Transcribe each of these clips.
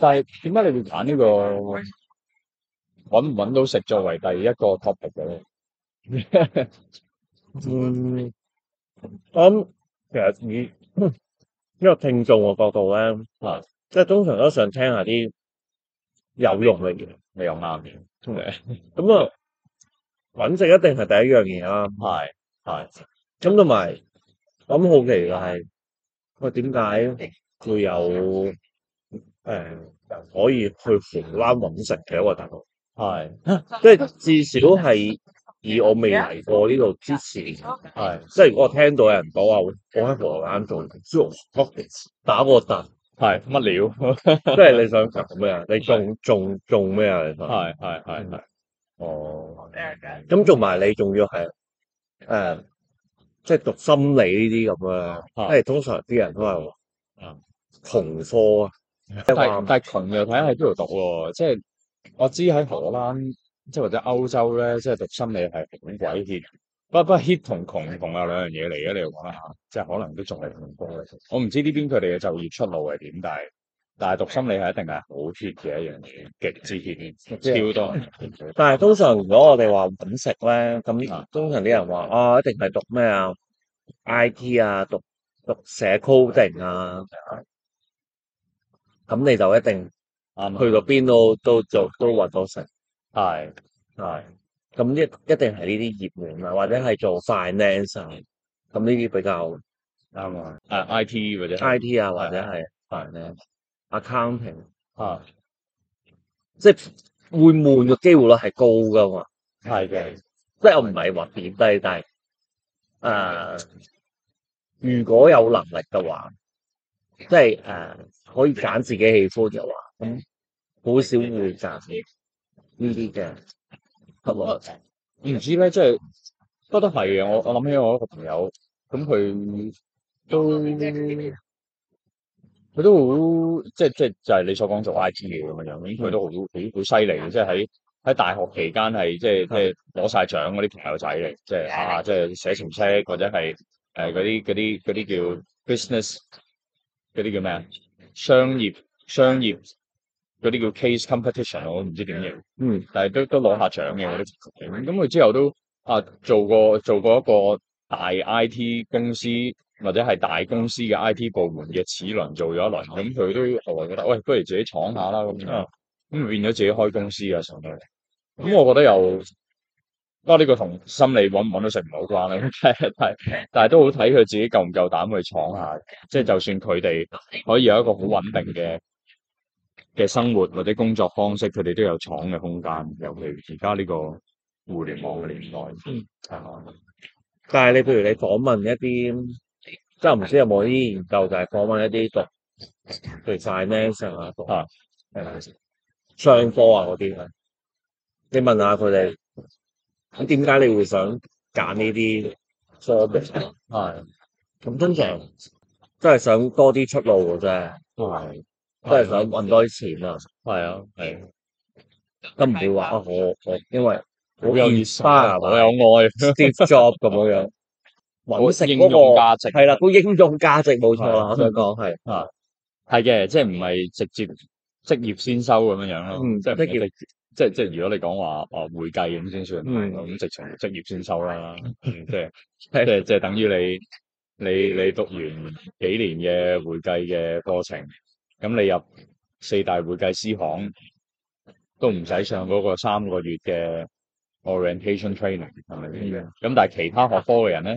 但係點解你哋揀呢個搵唔搵到食，作為第一個 topic 嘅咧？ 嗯，我諗其實以呢個聽眾嘅角度咧，啊，即係通常都想聽下啲有用嘅嘢，係又啱嘅，咁啊，搵食，嗯嗯、一定係第一樣嘢啦，啊，係係，咁同埋，咁好奇就係，喂，點解會有？誒可以去紅欄揾食嘅一個大學，係即係至少係以我未嚟過呢度之前，係即係如果我聽到有人講話，我喺紅欄做，打個彈係乜料？即係你想做咩啊？你仲仲仲咩啊？係係係係哦。咁做埋你仲要係誒，即係讀心理呢啲咁樣，因為通常啲人都係話啊，紅科啊。但係說但係窮又睇喺邊度讀，即係我知喺荷蘭即係或者歐洲咧，即係讀心理系好鬼 hit，不不過 hit 同窮窮有兩樣嘢嚟嘅，你又講下，吓，即係可能都仲係窮多嘅。我唔知呢邊佢哋嘅就業出路係點，但係但係讀心理系一定係好 hit 嘅一樣嘢，極之 hit， 超多人。 但係通常如果我哋話揾食咧，咁通常啲人話啊、哦，一定係讀咩啊 IT 啊，讀讀寫 coding 啊。咁你就一定去到邊都都做都搵到食，係係咁一一定係呢啲熱門啊，或者係做 finance，咁呢啲比較啱啊，啊 IT 或者 IT 啊或者係 finance、accounting 啊，即係會悶嘅機會率係高噶嘛，係嘅，即我唔係話點低，低，但係如果有能力嘅話，即係可以揀自己喜歡嘅話，咁好少會賺呢啲嘅，係喎。唔知咧，即係不過都係嘅。我我諗起我一個朋友，咁佢都佢都好，即係即係就係、是就是、你所講做 IT 嘅咁樣樣。咁佢都好好好犀利，即係喺喺大學期間係即係即係攞晒獎嗰啲朋友仔嚟。即、就、係、是、啊，即、就、係、是、寫程式或者係誒嗰啲嗰啲嗰啲叫 business 嗰啲叫咩啊？商業商業嗰啲叫 case competition，我唔知點樣。嗯，但係都都攞下獎嘅，我覺得。咁咁佢之後都啊，做過做過一個大 IT 公司或者係大公司嘅 IT 部門嘅齒輪做咗一輪，咁佢都後來覺得，喂，不如自己闖下啦咁。啊！咁變咗自己開公司啊，上到嚟。咁我覺得又～不過呢個同心理揾唔揾到食唔好關啦，但係但係都好睇佢自己夠唔夠膽去闖下，即係就算佢哋可以有一個好穩定嘅嘅生活或者工作方式，佢哋都有闖嘅空間。尤其而家呢個互聯網嘅年代、嗯、啊，但係你譬如你訪問一啲，即係唔知有冇啲研究，就係訪問一啲讀 designer 啊，讀商科啊嗰啲，你問下佢哋。咁點解你會想揀呢啲 service？係咁，通常都係想多啲出路嘅啫。係，都係想揾多啲錢啊。係啊，係。都唔會話我因為好有熱心，我有愛 f job 咁樣揾食嗰個價值。係啦，個應用價值冇錯啦。我想講係啊，係嘅，即係唔係直接職業先收咁樣咯。嗯，即係你。即係即係，如果你講話哦、啊、會計咁先、嗯、算，咁、嗯、直情職業先收啦、 嗯。即係即係，即係等於你你你讀完幾年嘅會計嘅課程，咁你入四大會計師行都唔使上嗰個三個月嘅 orientation training，係咪先？咁、嗯嗯、但係其他學科嘅人咧，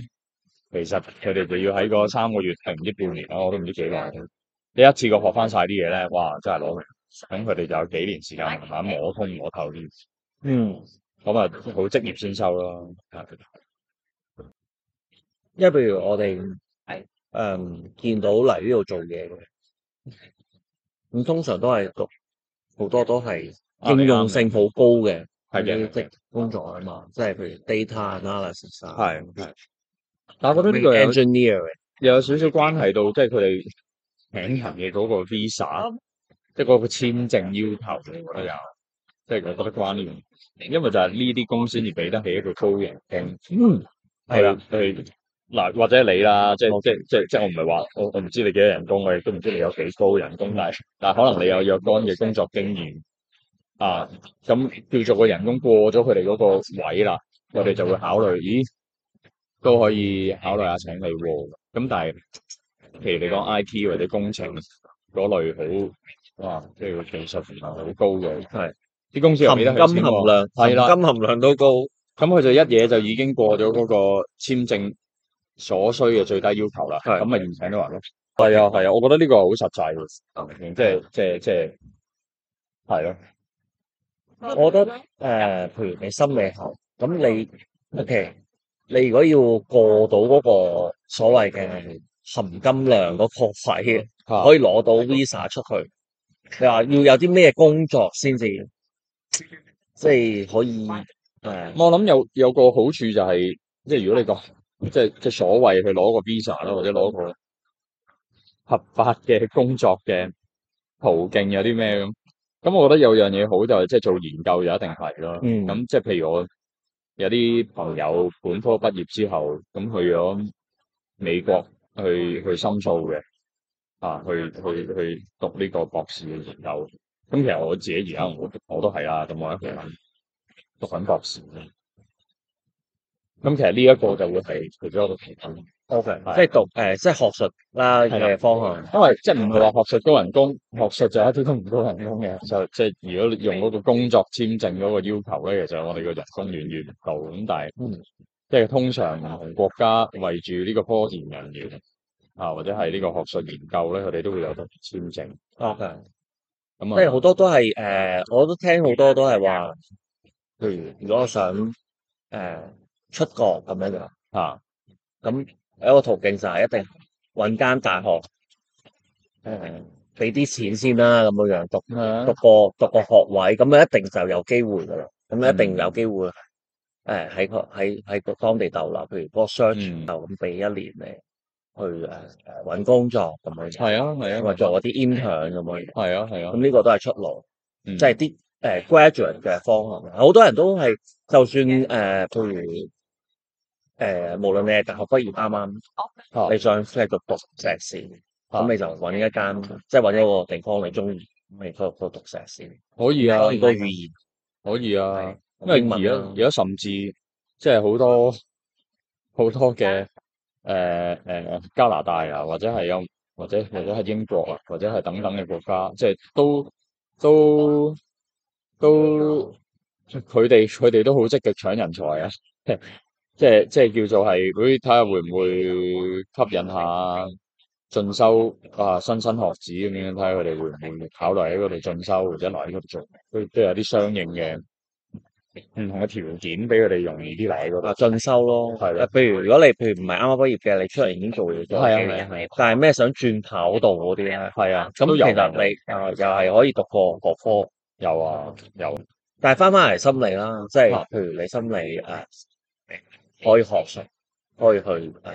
其實佢哋就要喺個三個月停一半年啦，我都唔知幾耐。你 一次過學翻晒啲嘢咧，哇！真係攞命。咁佢哋就有幾年時間慢慢摸通摸透啲、嗯，嗯，咁啊好職業先收咯。因為譬如我哋誒見到嚟呢度做嘢，咁通常都係讀好多都係應用性好高嘅啲、啊、職工作啊嘛，是的即係譬如 data analysis，係的的但係我覺得呢個 engineer 又有少少、er、關係到，即係佢哋請行嘅嗰個 visa。即係嗰個簽證要求，我覺有，即係我覺得關聯，因為就係呢啲公司要俾得起一個高人工。係啦、嗯，對嗱吧或者你啦，即係、哦、即即即我唔係話，我不我唔知道你幾多人工，我亦都唔知道你有幾高人工，但係但可能你有若干嘅工作經驗啊，咁叫做個人工過咗佢哋嗰個位啦，我哋就會考慮，咦都可以考慮下請你喎。咁但係譬如你講 I T 或者工程嗰類好。哇！即係個技術唔係好高嘅，係啲公司入面金含量係啦，金含量都高，咁佢就一嘢就已經過咗嗰個簽證所需嘅最低要求啦。係咁啊，完場都話咯，係啊，係啊，我覺得呢個好實際嘅，即係即係即係係咯。我覺得誒，譬如你心理學咁，你 O K，你如果要過到嗰個所謂嘅含金量嗰個學費，可以攞到 Visa 出去。你話要有啲咩工作先至，即係可以誒？我諗有有個好處就係、是，即係如果你講即係即係所謂去攞個 visa 啦，或者攞個合法嘅工作嘅途徑有啲咩咁？咁我覺得有樣嘢好就係、是，即係做研究就一定係咯。咁即係譬如我有啲朋友本科畢業之後，咁去咗美國去去深造嘅。啊！去去去讀呢個博士嘅研究，咁其實我自己而家我我都係啦，咁我一齊讀緊博士嘅。咁其實呢一個就會係其咗我個培訓。O K，即係讀誒，即係學術啦嘅方向。因為即係唔係話學術高人工，學術就一啲都唔高人工嘅。就即係如果用嗰個工作簽證嗰個要求咧，其實我哋個人工遠遠唔夠。咁但係即係通常唔同國家圍住呢個科研人員。啊，或者係呢個學術研究咧，佢哋都會有得簽證。OK，咁即係好多都係、呃、我都聽好多都係話，譬如如果想、呃、出國咁樣、啊、樣嚇，咁有一個途徑就係一定揾間大學誒俾啲錢先啦，咁樣樣讀、啊、讀個學位，咁樣一定就有機會噶啦。咁一定有機會誒喺個喺喺個當地逗留，譬如個 search 就咁俾一年去誒揾、呃、工作咁樣，係啊係啊，或者做嗰啲 intern 咁樣，係啊係啊。咁呢個都係出路，即係啲誒 graduate 嘅方向。好多人都係就算誒，譬、呃、如誒、呃，無論你係大學畢業啱啱，剛剛啊、你想係、啊、讀、啊、想讀碩士，咁你就揾一間，即係揾一個地方你中意，咁你喺嗰度讀碩士，可以啊，多語言可以啊，因為啊，而家為了甚至即係好多好多嘅。啊誒誒、呃呃，加拿大啊，或者係有，或者或者係英國啊，或者係等等嘅國家，即係都都都，佢哋佢哋都好積極搶人才啊！即係即係叫做係，啲睇下會唔會吸引一下進修啊莘莘學子咁樣，睇下佢哋會唔會考慮喺嗰度進修，或者留喺度做，都都有啲相應嘅。唔同嘅條件俾佢哋容易啲嚟嗰度。啊，進修咯，係啦的。譬如如果你，譬如唔係啱啱畢業嘅，你出嚟已經做嘢咗，係啊係。你但係咩想轉跑道嗰啲咧？係啊，咁其實你誒又係可以讀過各科，有啊有。但係翻翻嚟心理啦，即係譬如你心理誒、啊、可以學術，可以去誒、啊、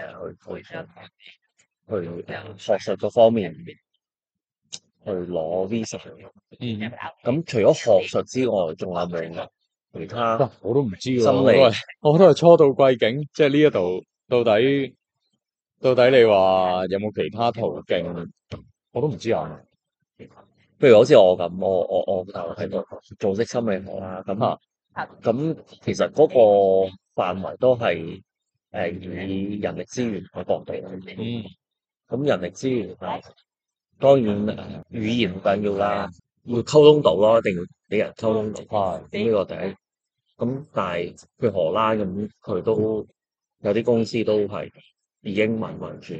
去去、啊、學術嗰方面去攞 visa。嗯。咁除咗學術之外，仲有冇？其他、啊，我都唔知喎，心理，我都係初到貴境，即係呢一度到底到底你話有冇其他途徑？我都唔知道比啊。譬如好似我咁，我我我就喺個組織心理學啦。咁啊，咁其實嗰個範圍都係誒、呃、以人力資源嘅角度啦。嗯，咁人力資源、啊、當然語言好緊要啦，要溝、嗯、通到咯，一定要俾人溝通到。咁呢、嗯、個第一。咁但係去荷蘭咁，佢都有啲公司都係以英文為主，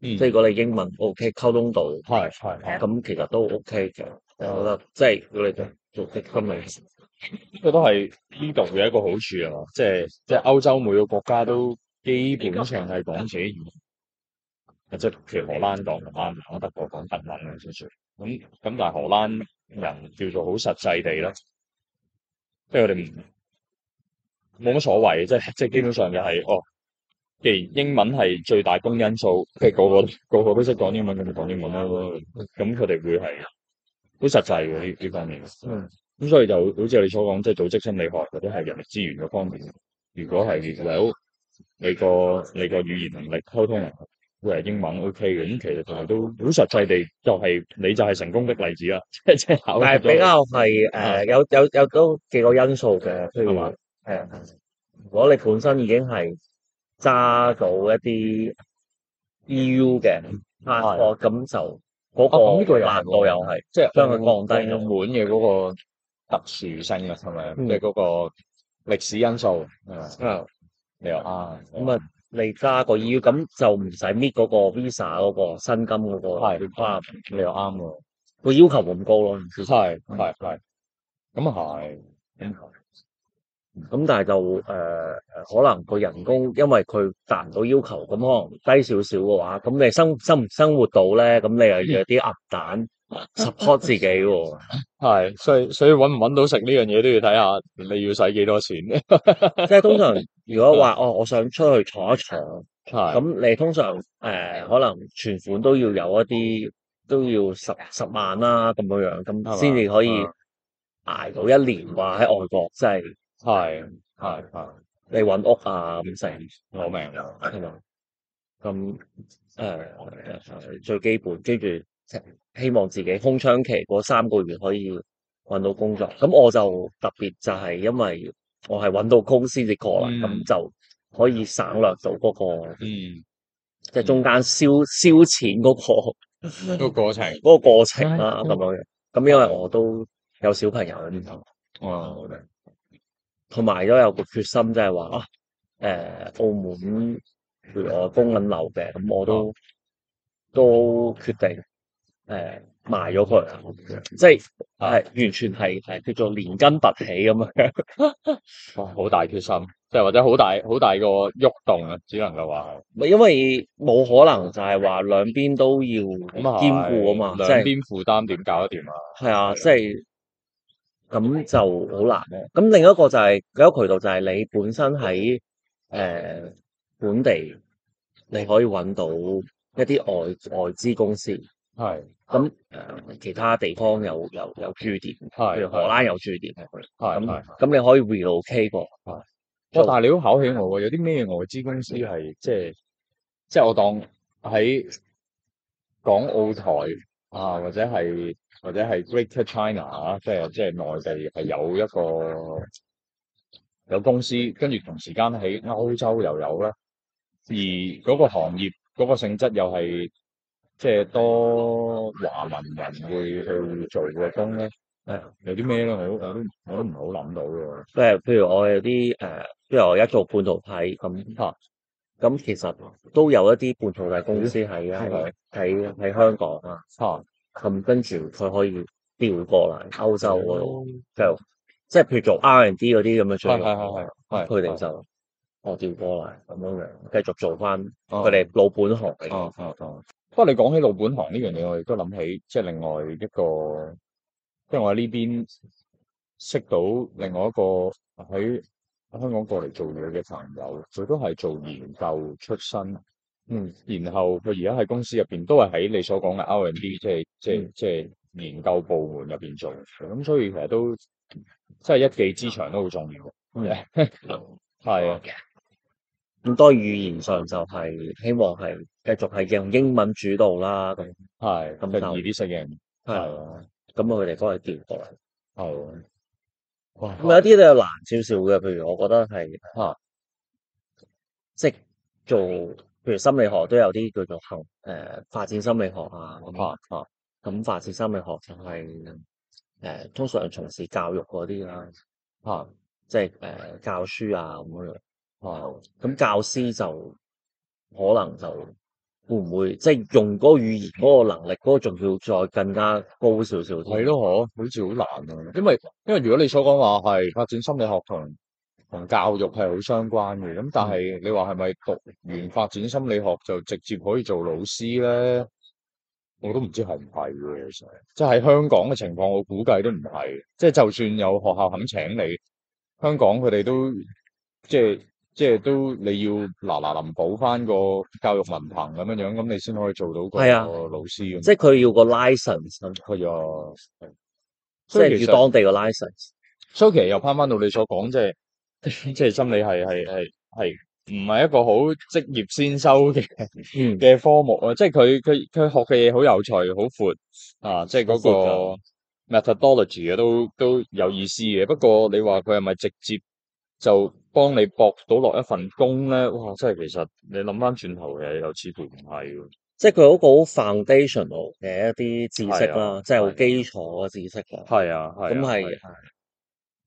即係如果你英文 OK 溝通到，係係咁，其實都 OK 嘅。我覺得即係佢哋你做做資金嘅，呢個都係呢度嘅一個好處啊嘛！即係即係歐洲每個國家都基本上係講自己語言，即係譬如荷蘭講荷蘭話，德國講德文少少，咁咁但係荷蘭人叫做好實際地啦，即係我哋唔。冇乜所謂，即係即係基本上就係、是、哦。既然英文係最大公因數，即係個個個個都識講英文，咁就講英文咯。咁佢哋會係好實際嘅呢呢方面。咁、嗯、所以就好似你所講，即係組織心理學或者係人力資源嗰方面。如果係有你，你個你個語言能力溝通人，會係英文 O K 嘅。咁、OK、其實就係都好實際地，就係、是、你就係成功的例子啦。即係即係，就是、考但係比較係誒、嗯，有有有多幾個因素嘅，譬如話。係啊，如果你本身已經係揸到一啲 EU 嘅 passport，咁就嗰個難度又係，即係將佢降低澳門嘅嗰個特殊性啊，係咪？你嗰個歷史因素啊，你又啱。咁啊，你揸個 EU，咁就唔使搣嗰個 visa 嗰個薪金嗰個，你又啱喎。個要求咁高咯，其實係係係，咁啊係。咁但係就誒、呃、可能個人工因為佢達唔到要求，咁可能低少少嘅話，咁你生生唔生活到咧，咁你又要有啲鴨蛋 support 自己喎，係 所以所以搵唔搵到食呢樣嘢都要睇下你要使幾多錢。 即係通常如果話 哦，我想出去闖一闖，咁 你通常誒、呃、可能存款都要有一啲，都要十十萬啦咁樣樣，咁先至可以捱到一年話喺 外國，即係。係係係，yes, 你搵屋啊，五成攞命啊，係嘛？咁誒最基本，跟住希望自己空窗期嗰三個月可以揾到工作。咁我就特別就係因為我係揾到工先至過嚟，咁、嗯、就可以省略到嗰、嗰個，嗯即，即係中間燒燒錢嗰、嗰個個過程，嗰個過程啦、啊、咁樣。咁因為我都有小朋友哇！好同埋都有個決心，即係話啊，誒、呃、澳門譬如我供緊樓嘅，咁我都、啊、都決定誒賣咗佢，即係係、啊、完全係係叫做連根拔起咁樣，好、啊 啊、大決心，即係或者好大好大個喐動啊！只能夠話，咪因為冇可能就係話兩邊都要兼顧啊嘛，兩邊負擔點搞得掂啊？係啊，即係對。就是咁就好難咯。咁另一個就係、是、有一個渠道就係你本身喺誒、呃、本地，你可以揾到一啲外外資公司。係咁是、呃、其他地方有有有駐點，是譬如荷蘭有駐點嘅，咁你可以 relocate 過。係是。做哦，但你都考起我，有啲咩外資公司係即係即係我當喺港澳台啊，或者係？或者係 Greater China 即係即係內地係有一個有公司，跟住同時間喺歐洲又有啦。而嗰個行業嗰個性質又係即係多華文人會去做嘅工咧。誒，有啲咩咧？我我都我都唔係好諗到喎。即係譬如我有啲誒，譬如我一做半導體咁嚇，咁其實都有一啲半導體公司喺係喺喺香港啊嚇。咁跟住佢可以調過嚟歐洲嗰度，的就即係譬如做 R and D 嗰啲咁嘅專業，佢哋就哦調的過嚟咁樣樣，繼續做翻佢哋老本行。哦哦哦。不過你講起老本行呢樣嘢，我亦都諗起，即係另外一個，即係我喺呢邊識到另外一個喺香港過嚟做嘢嘅朋友，佢都係做研究出身。嗯，然後佢而家喺公司入邊都係喺你所講嘅 R&D，即係即係即係研究部門入邊做，咁所以其實都即係一技之長都好重要。咁啊，咁多語言上就係希望係繼續係用英文主導啦。咁係咁就 easy 識咁啊，佢哋都係調過嚟。係咁有啲都有難少少嘅，譬如我覺得係吓，啊，即係做。譬如心理學都有啲叫做行誒、呃、發展心理學啊，吓咁發展心理學就係、是、誒、呃、通常從事教育嗰啲啦，吓、啊、即係誒、呃、教書啊咁樣，吓咁教師就可能就會唔會即係、嗯、用嗰個語言嗰個能力嗰個仲要，要再更加高少少，係咯嗬，好似好難啊，因為因為如果你所講話係發展心理學同。同教育係好相關嘅，咁但係你話係咪讀完發展心理學就直接可以做老師咧？我都唔知係唔係嘅，即係喺香港嘅情況，我估計都唔係。即係就算有學校肯請你，香港佢哋都即係即係都你要嗱嗱臨補翻個教育文憑咁樣樣，咁你先可以做到個老師。即係佢要個 license 係啊，即係要、要、要當地個 license，所以其實又攀翻到你所講即係。 即係心理系係係係唔係一個好職業先修嘅嘅科目是他他他啊！即係佢佢佢學嘅嘢好有趣，好闊啊！即係嗰個 methodology 啊，都都有意思嘅。不過你話佢係咪直接就幫你搏到落一份工咧？哇！即係其實你諗翻轉頭嘅又似乎唔係嘅。即係佢個好 foundational 嘅一啲知識啦，即係好基礎嘅知識嘅。係啊，咁係、啊。是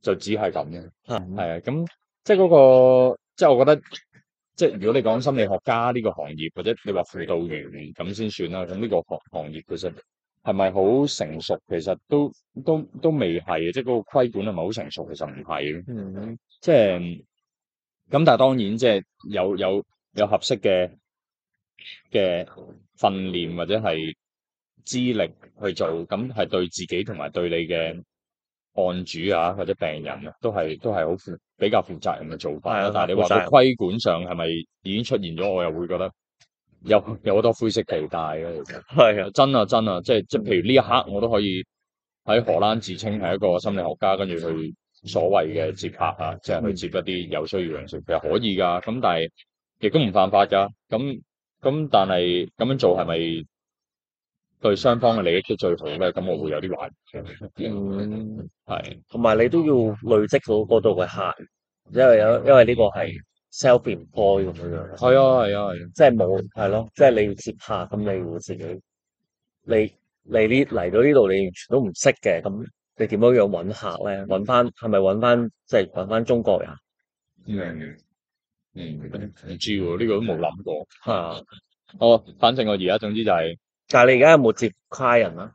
就只係咁咯，係啊的，咁即係、那、嗰個，即係我覺得，即係如果你講心理學家呢個行業，或者你話輔導員咁先算啦。咁呢個行行業其實係咪好成熟？其實都都都未係啊，即係嗰個規管係咪好成熟？其實唔係嘅，嗯，即係咁。但係當然，即係有有有合適嘅嘅訓練或者係資歷去做，咁係對自己同埋對你嘅。案主啊，或者病人啊，都係都係好負比較負責任嘅做法、啊、是但係你話佢規管上係咪已經出現咗？我又會覺得有有好多灰色地帶嘅。其實係啊，的真啊真啊，即係即係，譬如呢一刻我都可以喺荷蘭自稱係一個心理學家，跟住去所謂嘅接客啊，即、就、係、是、去接一啲有需要人士，是的其實可以噶。咁但係亦都唔犯法噶。咁咁但係咁樣做係咪？對雙方嘅利益出最好咧，咁我會有啲難。嗯，係，同埋你都要累積到嗰度嘅客，因為有因為呢個係 self-employed 咁樣。係啊，係啊，係。即係冇係咯，即係、就是、你要接客，咁你要自己，嗯、你你呢嚟到呢度，你完全都唔識嘅，咁你點樣樣揾客咧？揾翻係咪揾翻即係揾翻中國人嗯？嗯，嗯，唔知喎，呢、這個都冇諗過嚇。我、嗯、反正我而家總之就係、是。但係你而家有冇接客人啊？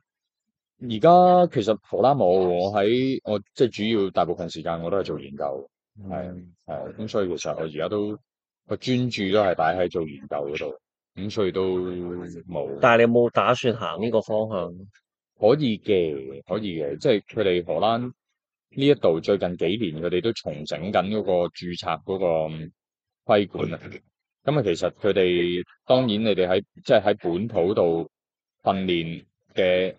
而家其實荷蘭冇，我喺我即係主要大部分時間我都係做研究，係係咁，所以其實我而家都個專注都係擺喺做研究嗰度，咁所以都冇。但係你冇打算行呢個方向？可以嘅，可以嘅，即係佢哋荷蘭呢一度最近幾年佢哋都重整緊嗰個注冊嗰個規管啊。咁啊、嗯，其實佢哋當然你哋喺即係喺本土度。訓練嘅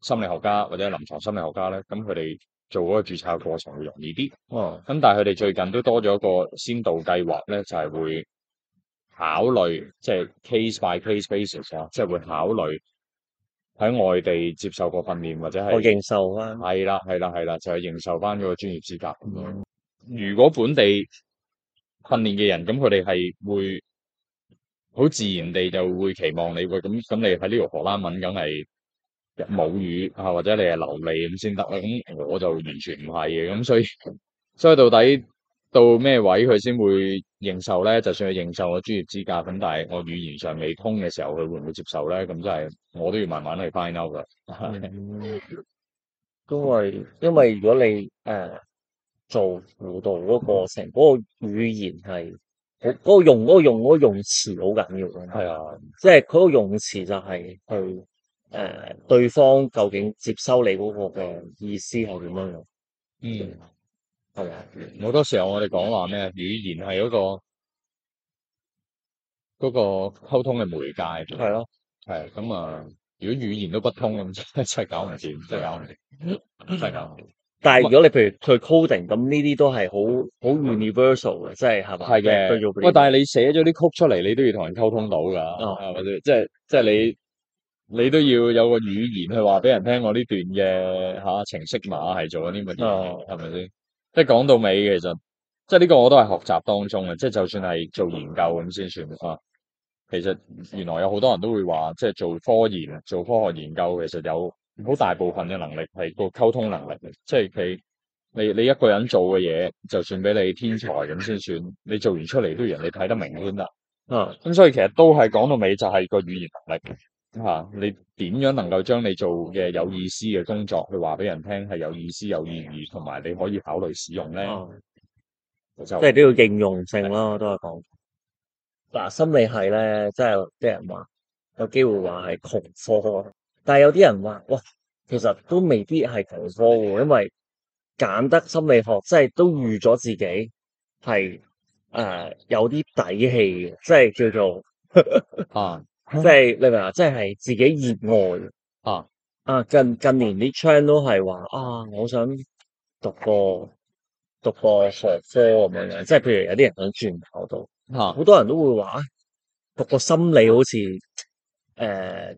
心理學家或者臨床心理學家咧，咁佢哋做嗰個註冊嘅過程會容易啲。哦、嗯，咁但係佢哋最近都多咗一個先導計劃咧，就係、是、會考慮即係 case by case basis 啊，即係會考慮喺外地接受過訓練或者係去認受返、啊？係啦，係啦，係啦，就係、是、認受翻個專業資格。嗯、如果本地訓練嘅人，咁佢哋係會。好自然地就會期望你，會咁咁你喺呢條荷蘭文，梗係母語啊，或者你係流利咁先得啦。咁我就完全唔係嘅，咁所以所以到底到咩位佢先會認受咧？就算佢認受我專業資格，咁但係我語言上未通嘅時候，佢會唔會接受咧？咁真係我都要慢慢去 find out 㗎。因為、嗯、因為如果你誒、呃、做輔導嗰、那個成嗰、那個語言係。好嗰，個用嗰個用嗰個用詞好緊要嘅，係啊的，即係佢個用詞就係去誒、呃，對方究竟接收你嗰個嘅意思係點樣樣？嗯，係啊、嗯？好的多時候我哋講話咩語言係嗰個嗰個溝通嘅媒介，係咯的，係啊的。咁啊，如果語言都不通咁，真係搞唔掂，真係搞唔掂，真係搞唔掂。就是但係如果你譬如佢 coding，咁呢啲都係好好 universal 嘅，univers 嗯、即係係嘛？係嘅。但係你寫咗啲曲出嚟，你都要同人溝通到噶，係咪、哦、即係即係你你都要有個語言去話俾人聽我，我呢段嘅吓程式碼係做緊啲乜嘢，係咪先？即係講到尾，其實即係呢個我都係學習當中嘅，即係就算係做研究咁先算啊。其實原來有好多人都會話，即係做科研、做科學研究，其實有。好大部分嘅能力係個溝通能力，即、就、係、是、你你你一個人做嘅嘢，就算俾你天才咁先算，你做完出嚟都要人哋睇得明先。嗯，咁、啊、所以其實都係講到尾就係個語言能力吓、啊，你點樣能夠將你做嘅有意思嘅工作去話俾人聽係有意思、有意義，同埋你可以考慮使用咧。啊、就即係都要應用性咯，是的我都係講。嗱、啊，心理係咧，即係啲人話有機會話係窮科。但係有啲人話，哇，其實都未必係揀科喎，因為揀得心理學，即係都預咗自己係誒、呃、有啲底氣即係叫做呵呵啊，即係、就係、你明唔明啊？即係自己熱愛啊啊！近近年啲 trend 都係話啊，我想讀個讀個學科咁樣，即係譬如有啲人想轉跑道，好多人都會話讀個心理好似。誒，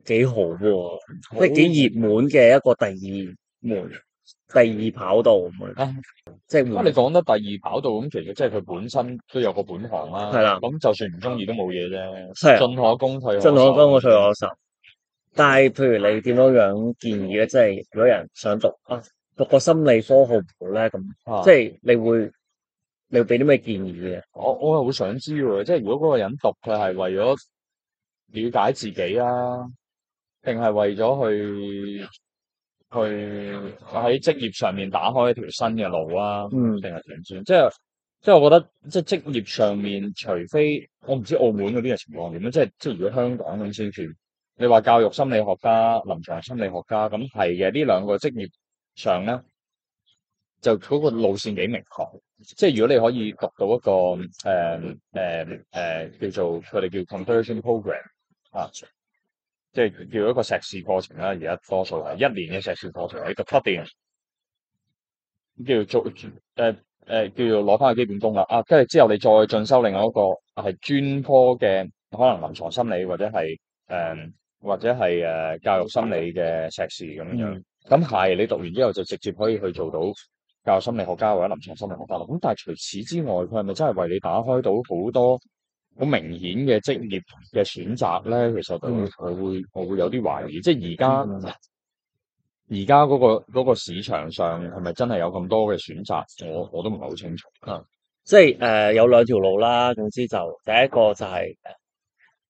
幾好喎！即係幾熱門嘅一個第二門，第二跑道門。即係，不過你講得第二跑道咁，其實即係佢本身都有個本行啦。係啦，咁就算唔中意都冇嘢啫。係。進可攻退可守，進可攻我退可守。但係，譬如你點樣樣建議咧？即係，如果人想讀啊，讀個心理科好唔好咧？咁，即係你會，你會俾啲咩建議嘅？我我又好想知嘅，即係如果嗰個人讀，佢係為咗。了解自己啊，定係為咗去去喺職業上面打開一條新嘅路啊？嗯，定係點算？即係即係，我覺得即係職業上面，除非我唔知澳門嗰啲嘅情況點樣。即係即係，如果香港咁先算。你話教育心理學家、臨床心理學家咁係嘅呢兩個職業上咧，就嗰個路線幾明確。即係如果你可以讀到一個誒誒誒，叫做佢哋叫 conversion program。啊，即係叫一個碩士課程啦，而家多數係一年嘅碩士課程，一個課程，叫做誒誒、呃，叫做攞翻個基本功啦。啊，跟住之後你再進修另外一個係專科嘅，可能臨床心理或者係誒、呃、或者係誒教育心理嘅碩士咁樣。咁係，你讀完之後就直接可以去做到教育心理學家或者臨床心理學家喇。咁但係除此之外，佢係咪真係為你打開到好多？好明顯嘅職業嘅選擇咧，其實我會我會有啲懷疑，即係而家而家嗰個嗰、嗰個市場上係咪真係有咁多嘅選擇？我我都唔係好清楚。嗯、即係誒、呃、有兩條路啦，總之就第一個就係、是。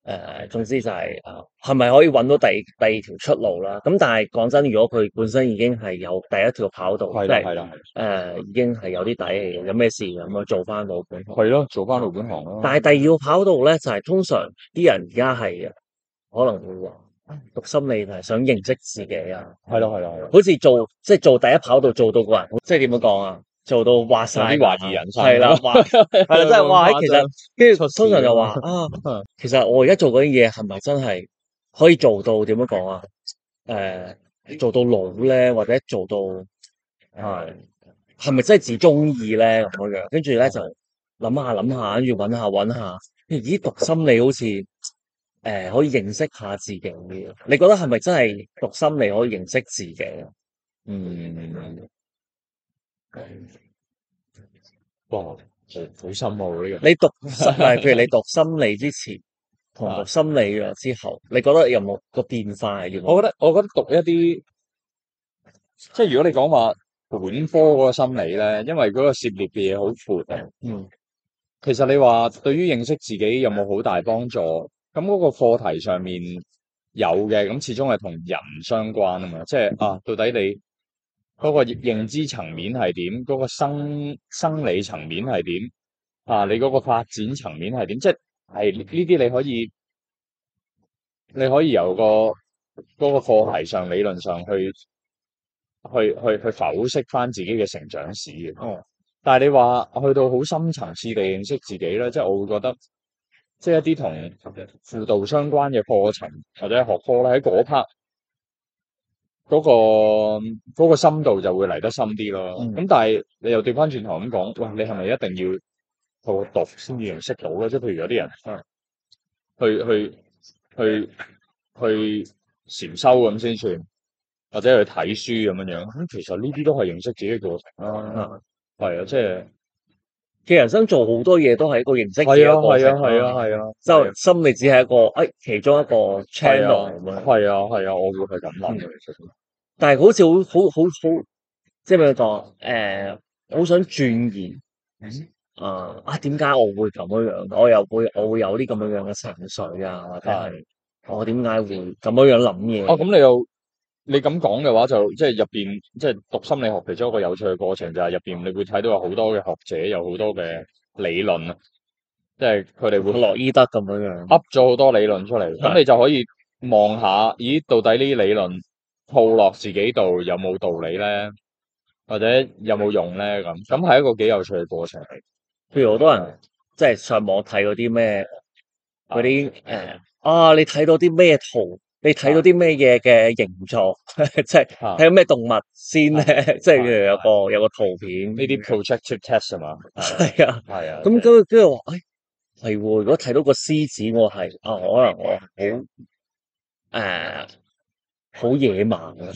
誒，總之就係誒，係咪可以揾到第第二條出路啦？咁但係講真，如果佢本身已經係有第一條跑道，係啦係啦，誒，已經係有啲底氣，有咩事咁啊做翻到本行？係咯，做翻到本行咯。但係第二個跑道咧，就係通常啲人而家係可能會話讀心理，就係想認識自己啊。係咯係咯，好似做即係做第一跑道，做到個人即係點樣講啊？做到話晒啲懷疑人生，係啦，係啦，即係話其實，跟住是後通常就話啊，其實我而家做嗰啲嘢係咪真係可以做到？點樣講啊？誒、呃，做到老咧，或者做到係係咪真係自中意咧？咁樣，跟住咧就諗下諗下，跟住搵下搵下，咦？讀心理好似誒、呃、可以認識下自己嘅，你覺得係咪真係讀心理可以認識自己？嗯。哇，好、這個、深奧，呢個你讀，係譬 如你讀心理之前同讀心理咗之後，的你覺得有冇、這個變化係？我覺得，我覺得讀一啲，即係如果你講話本科嗰個心理咧，因為嗰個涉獵嘅嘢好闊。嗯，其實你話對於認識自己有冇好大幫助？咁嗰個課題上面有嘅，咁始終係同人相關啊嘛，即、就、係、是嗯、啊，到底你？嗰個認知層面係點？嗰個生生理層面係點？啊，你嗰個發展層面係點？即係呢啲你可以你可以由個嗰個課題上理論上去去去去剖析翻自己嘅成長史哦，嗯、但係你話去到好深層次地認識自己咧，即係我會覺得即係一啲同輔導相關嘅課程或者學科咧，喺嗰 part。嗰、那個嗰、那個、深度就會嚟得深啲咯，咁、嗯、但係你又調翻轉頭咁講，喂，你係咪一定要透過讀先至認識到咧？即係譬如有啲人去、嗯、去去去禪修咁先算，或者去睇書咁樣樣咁、嗯、其實呢啲都係認識自己嘅過程啊，係啊，即係、嗯。其實人生做好多嘢都係一個認識嘅過程，就心理只係一個誒其中一個 channel 咁樣。係啊係啊，我會係咁諗。但係好似好好好好，即係咪當誒好想鑽研？誒啊，點解我會咁樣樣？我又會我會有啲咁樣樣嘅情緒啊，或者係我點解會咁樣樣諗嘢？哦，咁你又。你咁講嘅話，就即係入邊，即係讀心理學其中一個有趣嘅過程，就係入邊你會睇到有好多嘅學者有好多嘅理論，即係佢哋會落醫德咁樣樣，up 咗好多理論出嚟。咁你就可以望下，咦，到底呢啲理論套落自己度有冇道理咧，或者有冇用咧？咁咁係一個幾有趣嘅過程。譬如好多人即係上網睇嗰啲咩嗰啲誒啊，你睇到啲咩圖？你睇到啲咩嘢嘅形狀，即係睇到咩動物先咧？即係有個有個圖片，呢啲 projective test 啊嘛。係啊，係啊。咁跟跟住話，誒，係喎。如果睇到個獅子，我係啊，可能我好誒，好野蠻。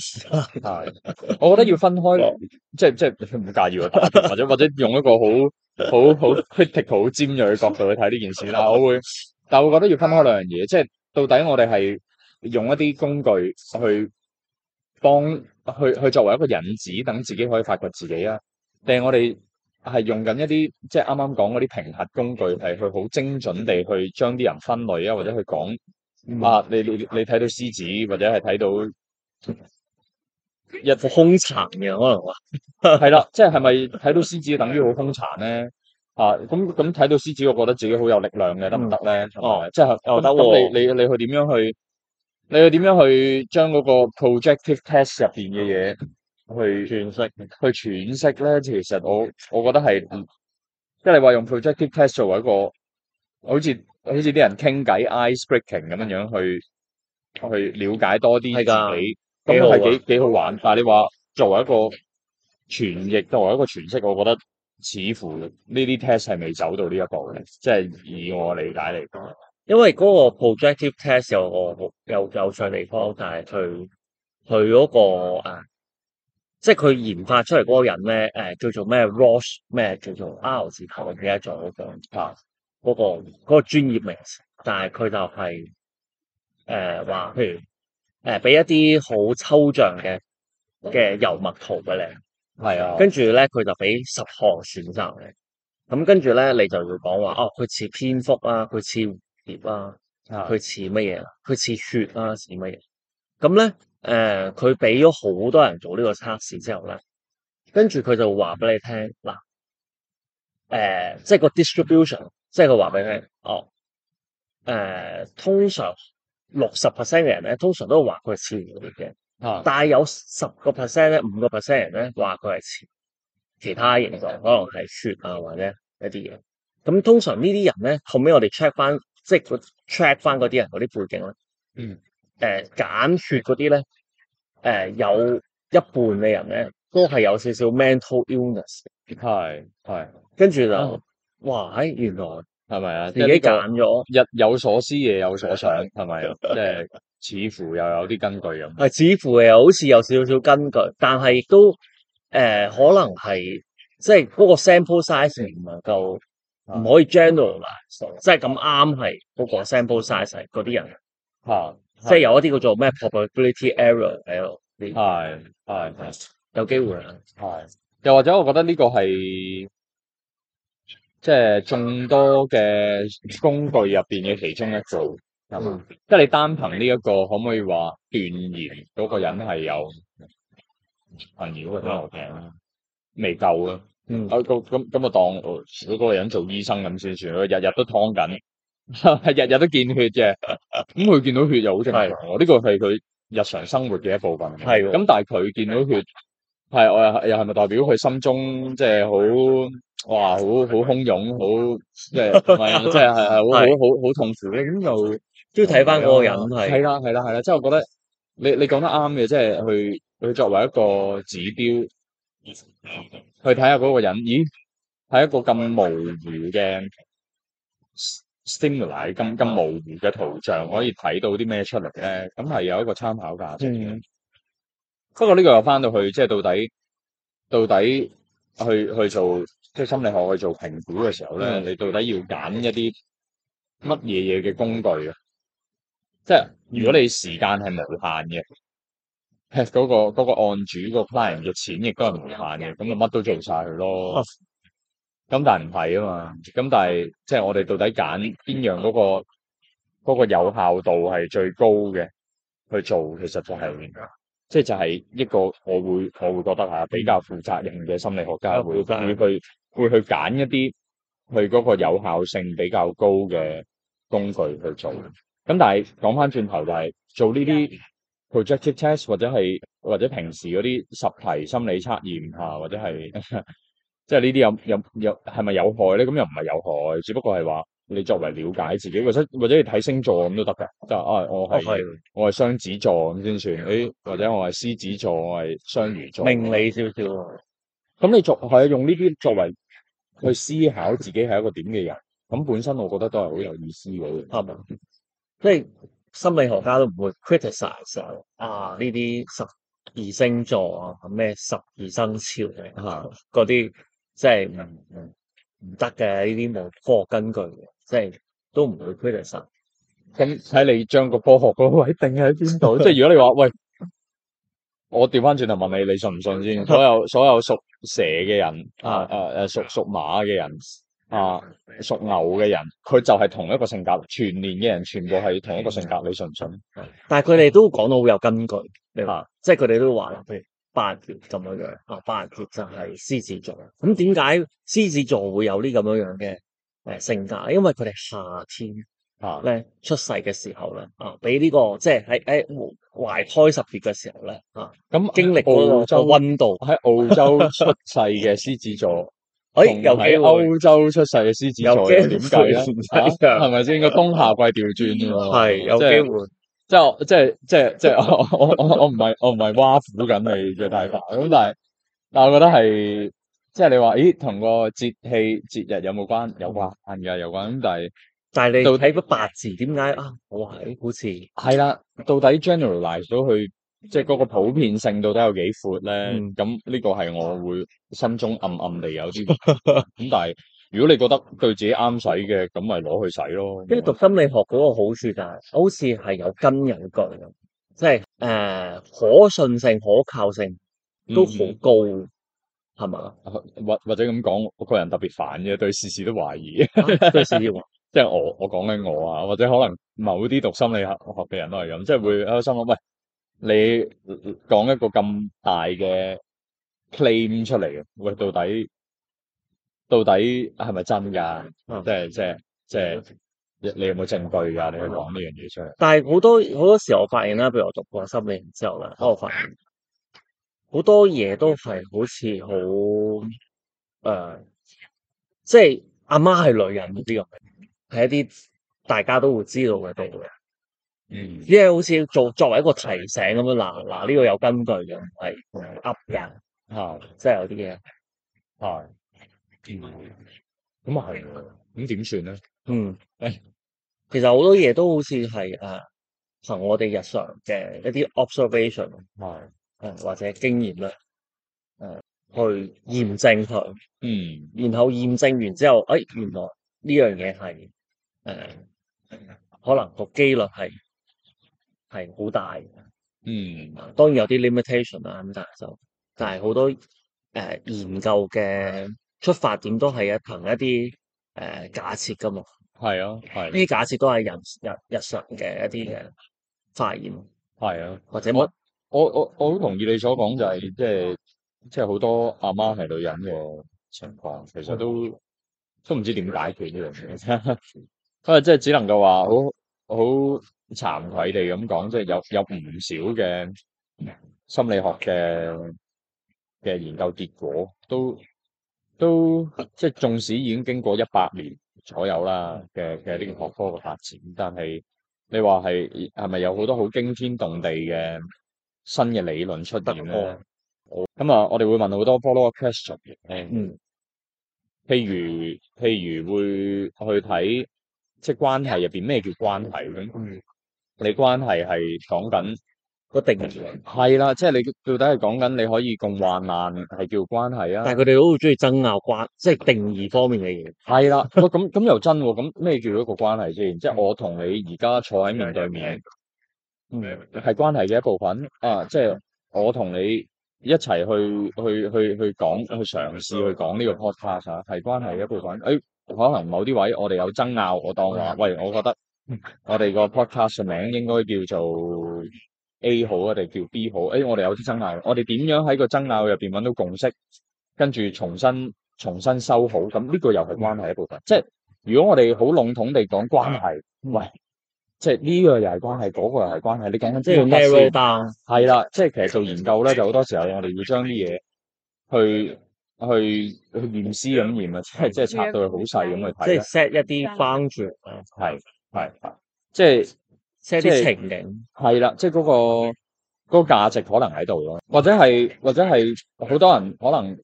係，我覺得要分開，即係即係唔介意，或者或者用一個好好好 critical 好尖銳嘅角度去睇呢件事啦。我會，但係會覺得要分開兩樣嘢，即係到底我哋係。用一啲工具去幫去去作為一個引子，等自己可以發掘自己啊！定我哋係用緊一啲即係啱啱講嗰啲評核工具，係去好精準地去將啲人分類啊，或者去講、嗯、啊！你你你睇到獅子，或者係睇到一副凶殘嘅可能係啦，即係係咪睇到獅子等於好凶殘咧？啊！咁咁睇到獅子，我覺得自己好有力量嘅，得唔得咧？哦，即係、就是、哦得你、哦。你你你去點樣去？你要點樣去將嗰個 projective test 入邊嘅嘢去詮釋、傳息去詮釋咧？其實我我覺得係，即係你話用 projective test 作為一個，好似好似啲人傾偈、ice breaking 咁樣樣去去了解多啲自己，係噶，咁係幾幾好玩。但係你話作為一個傳譯，作為一個詮釋，我覺得似乎呢啲 test 係未走到呢一步嘅，即係以我理解嚟講。因為嗰個 projective test 有個有有有趣地方，但係佢佢嗰個誒、啊，即係佢研發出嚟嗰個人咧，誒、呃、叫做咩 Rush 咩叫做 R 字頭，唔記得咗咁嗰個嗰、那個那個那個專業名詞，但係佢就係誒話，呃、譬如誒俾、呃、一啲好抽象嘅嘅油墨圖俾你，係啊的，跟住咧佢就俾十項選擇嚟咁、嗯、跟住咧你就要講話哦，佢似蝙蝠啦，佢似。碟啦，佢似乜嘢？佢似血啊，似乜嘢？咁咧，誒、呃，佢俾咗好多人做呢個測試之後咧，跟住佢就話俾你聽嗱，誒，即係個 distribution，即係佢話俾你聽，啊呃、ribution, 你哦，誒、呃，通常六十 percent 嘅人咧，通常都話佢似蝴蝶嘅，啊、但係有十個 percent 咧，五個 percent 人咧話佢係似其他形狀，可能係血啊或者一啲嘢。咁、嗯、通常呢啲人咧，後尾我哋 check 翻。即係佢 track 翻嗰啲人嗰啲背景啦，嗯，誒、呃，減血嗰啲咧，誒、呃，有一半嘅人咧，都係有少少 mental illness，係係，跟住就，啊、哇，喺原來係咪啊？自己揀咗，日有所思夜有所想，係咪？即係、 呃、似乎又有啲根據咁，係，似乎又好似有少少根據，但係亦都，誒、呃，可能係，即係嗰個 sample size 唔夠。唔可以 generalize 啦即係咁啱係嗰個 sample size，嗰啲人，即係有一啲叫做咩 probability error 喺度，係係有機會啦，係又或者我覺得呢個係即係眾多嘅工具入邊嘅其中一個，即係嗎你單憑呢一個，可唔可以話斷言嗰個人係有困擾嘅都我聽啦，未夠嘅。嗯，咁咁咁就當嗰個人做醫生咁先算，日日都劏緊，日日都見血嘅，咁佢見到血又好正常。我呢個係佢日常生活嘅一部分。係、哦，咁但係佢見到血，係我又又係咪代表佢心中即係好哇，好好洶湧，好即係，唔係啊，即係係係好好好好痛苦嘅。咁又都要睇翻嗰個人係。係啦、嗯，係啦，係啦，即係我覺得你你講得啱嘅，即係去去作為一個指標。去睇下嗰個人，咦？係一個咁模糊嘅 stimuli，咁咁模糊嘅圖像，可以睇到啲咩出嚟咧？咁係有一個參考價值嘅。不過呢個又翻到去，即係到底到底去去做即係心理學去做評估嘅時候咧，嗯、哼你到底要揀一啲乜嘢嘢嘅工具？即係如果你時間係無限嘅。嗰、那個嗰、那個案主、那個 client 嘅錢亦都係無限嘅，咁就乜都做晒佢咯。咁但係唔係啊嘛？咁但係即係我哋到底揀邊樣嗰、那個嗰、那個、有效度係最高嘅去做，其實就係即係就係、是、一個我會我會覺得比較負責任嘅心理學家會去會，會去揀一啲佢嗰個有效性比較高嘅工具去做。咁但係講翻轉頭就係、是、做呢啲。Projective test 或者係或者平時嗰啲十題心理測驗啊，或者係即係呢啲有有有係咪有害咧？咁又唔係有害，只不過係話你作為了解自己或者，或者你睇星座咁都得㗎。即係的啊，我係、哦、我係雙子座咁先算，誒的、哎、或者我係獅子座，我係雙魚座，命理少少。咁你作係用呢啲作為去思考自己係一個點嘅人？咁本身我覺得都係好有意思嘅。啱啊的，即係。心理學家都唔會 criticise 啊，呢啲、啊、十二星座啊，咩十二生肖嘅嗰啲，即係唔得嘅，呢啲冇科學根據嘅，即係都唔會 criticise。咁睇你將個科學嗰位定喺邊度？ 即係如果你話喂，我調翻轉頭問你，你信唔信先？所有所有屬蛇嘅人啊啊 啊，屬屬馬嘅人。啊，屬牛嘅人，佢就係同一個性格，全年嘅人全部係同一個性格，你信唔信？但係佢哋都講到好有根據，你啊，即係佢哋都話啦，譬如八月咁樣樣，啊，八月就係獅子座，咁點解獅子座會有呢咁樣樣嘅誒性格？因為佢哋夏天啊咧出世嘅時候咧，啊，俾呢、這個即係喺喺懷胎十月嘅時候咧，啊，咁、嗯、經歷嗰洲個溫度喺澳洲出世嘅獅子座。 哎，有機會。歐洲出世嘅獅子座，點解咧？係咪先應該冬夏季調轉啫嘛，係有機會，即係即係即係即係我我我唔係我唔係挖苦緊你嘅大法，咁 但係，但係我覺得係，即係你話，咦，同個節氣節日有冇關有關嘅關，有關，咁但係，但係你到睇個八字點解啊？我話，好似係啦，到底 generalize 到去？即係嗰個普遍性到底有幾闊咧？咁呢、嗯、個係我會心中暗暗地有啲咁， 但係如果你覺得對自己啱使嘅，咁咪攞去使咯。跟住讀心理學嗰個好處就係好似係有根有據咁，嗯、即係誒、呃、可信性、可靠性都好高，係嘛、嗯？或吧或者咁講，我個人特別煩嘅，對事事都懷疑，啊、對事事 即係我我講緊，我啊，或者可能某啲讀心理學嘅人都係咁，即係會喺心諗喂。你講一個咁大嘅 claim 出嚟嘅，喂，到底到底係咪真噶？即係即係即係，你有冇證據噶、啊？你去講呢樣嘢出嚟？但係好多好多時候，我發現啦，譬如我讀過心理學之後啦，我發現好多嘢都係好似好誒，即係阿媽係女人嗰啲咁，係一啲大家都會知道嘅道嗯，即係好似做作為一個提醒咁樣，嗱嗱呢個有根據嘅，係噏人，係即係有啲嘢，係咁啊，係，咁點算咧？嗯，誒，其實好多嘢都好似係誒憑我哋日常嘅一啲 observation，係、啊、誒或者經驗啦，誒、啊、去驗證佢，嗯，然後驗證完之後，誒、哎、原來呢樣嘢係誒可能個機率係。係好大嘅，嗯，當然有啲 limitation 啦，但係就但係好多誒、呃、研究嘅出發點都係一憑一啲誒假設噶嘛，係啊，係呢啲假設都係人日日常嘅一啲嘅發現，係啊，或者我我我好同意你所講就係即係即係好多阿媽係女人嘅情況，其實都都唔知點解決呢樣嘢，佢係即係只能夠話好好。很慚愧地咁講，即係有有唔少嘅心理學嘅嘅研究結果，都都即係縱使已經經過一百年左右啦嘅嘅呢個學科嘅發展，但係你話係係咪有好多好驚天動地嘅新嘅理論出現咧？咁啊，那我哋會問好多 follow-up question 嘅，嗯，譬如譬如會去睇即係關係入邊咩叫關係咁。你關係係講緊個定義係啦，即係你到底係講緊你可以共患難係叫關係啊？但係佢哋好中意爭拗關，即係定義方面嘅嘢。係啦，咁咁 又真，咁咩叫做一個關係先？即係我同你而家坐喺面對面，嗯，係關係嘅一部分啊。即係我同你一齊去去去去講，去嘗試去講呢個 podcast 啊，係關係嘅一部分。誒，可能某啲位我哋有爭拗，我當話，喂，我覺得。我哋個 podcast 嘅名應該叫做 A 好啊，定叫 B 好？誒、哎，我哋有啲爭拗，我哋點樣喺個爭拗入邊搵到共識，跟住重新重新修好？咁呢個又係關係一部分。嗯、即係如果我哋好籠統地講關係，喂，即係呢、呢個又係關係，嗰、嗰個又係關係，你講緊即係咩先？係啦了，即係其實做研究咧就好多時候，我哋要將啲嘢去去去，去驗屍咁驗啊，即係即係拆到佢好細咁去睇。即係 set 一啲 bound 啊，係。係，即係即係啲情景，係啦，即係嗰個嗰、嗰個價值可能喺度咯，或者係或者係好多人可能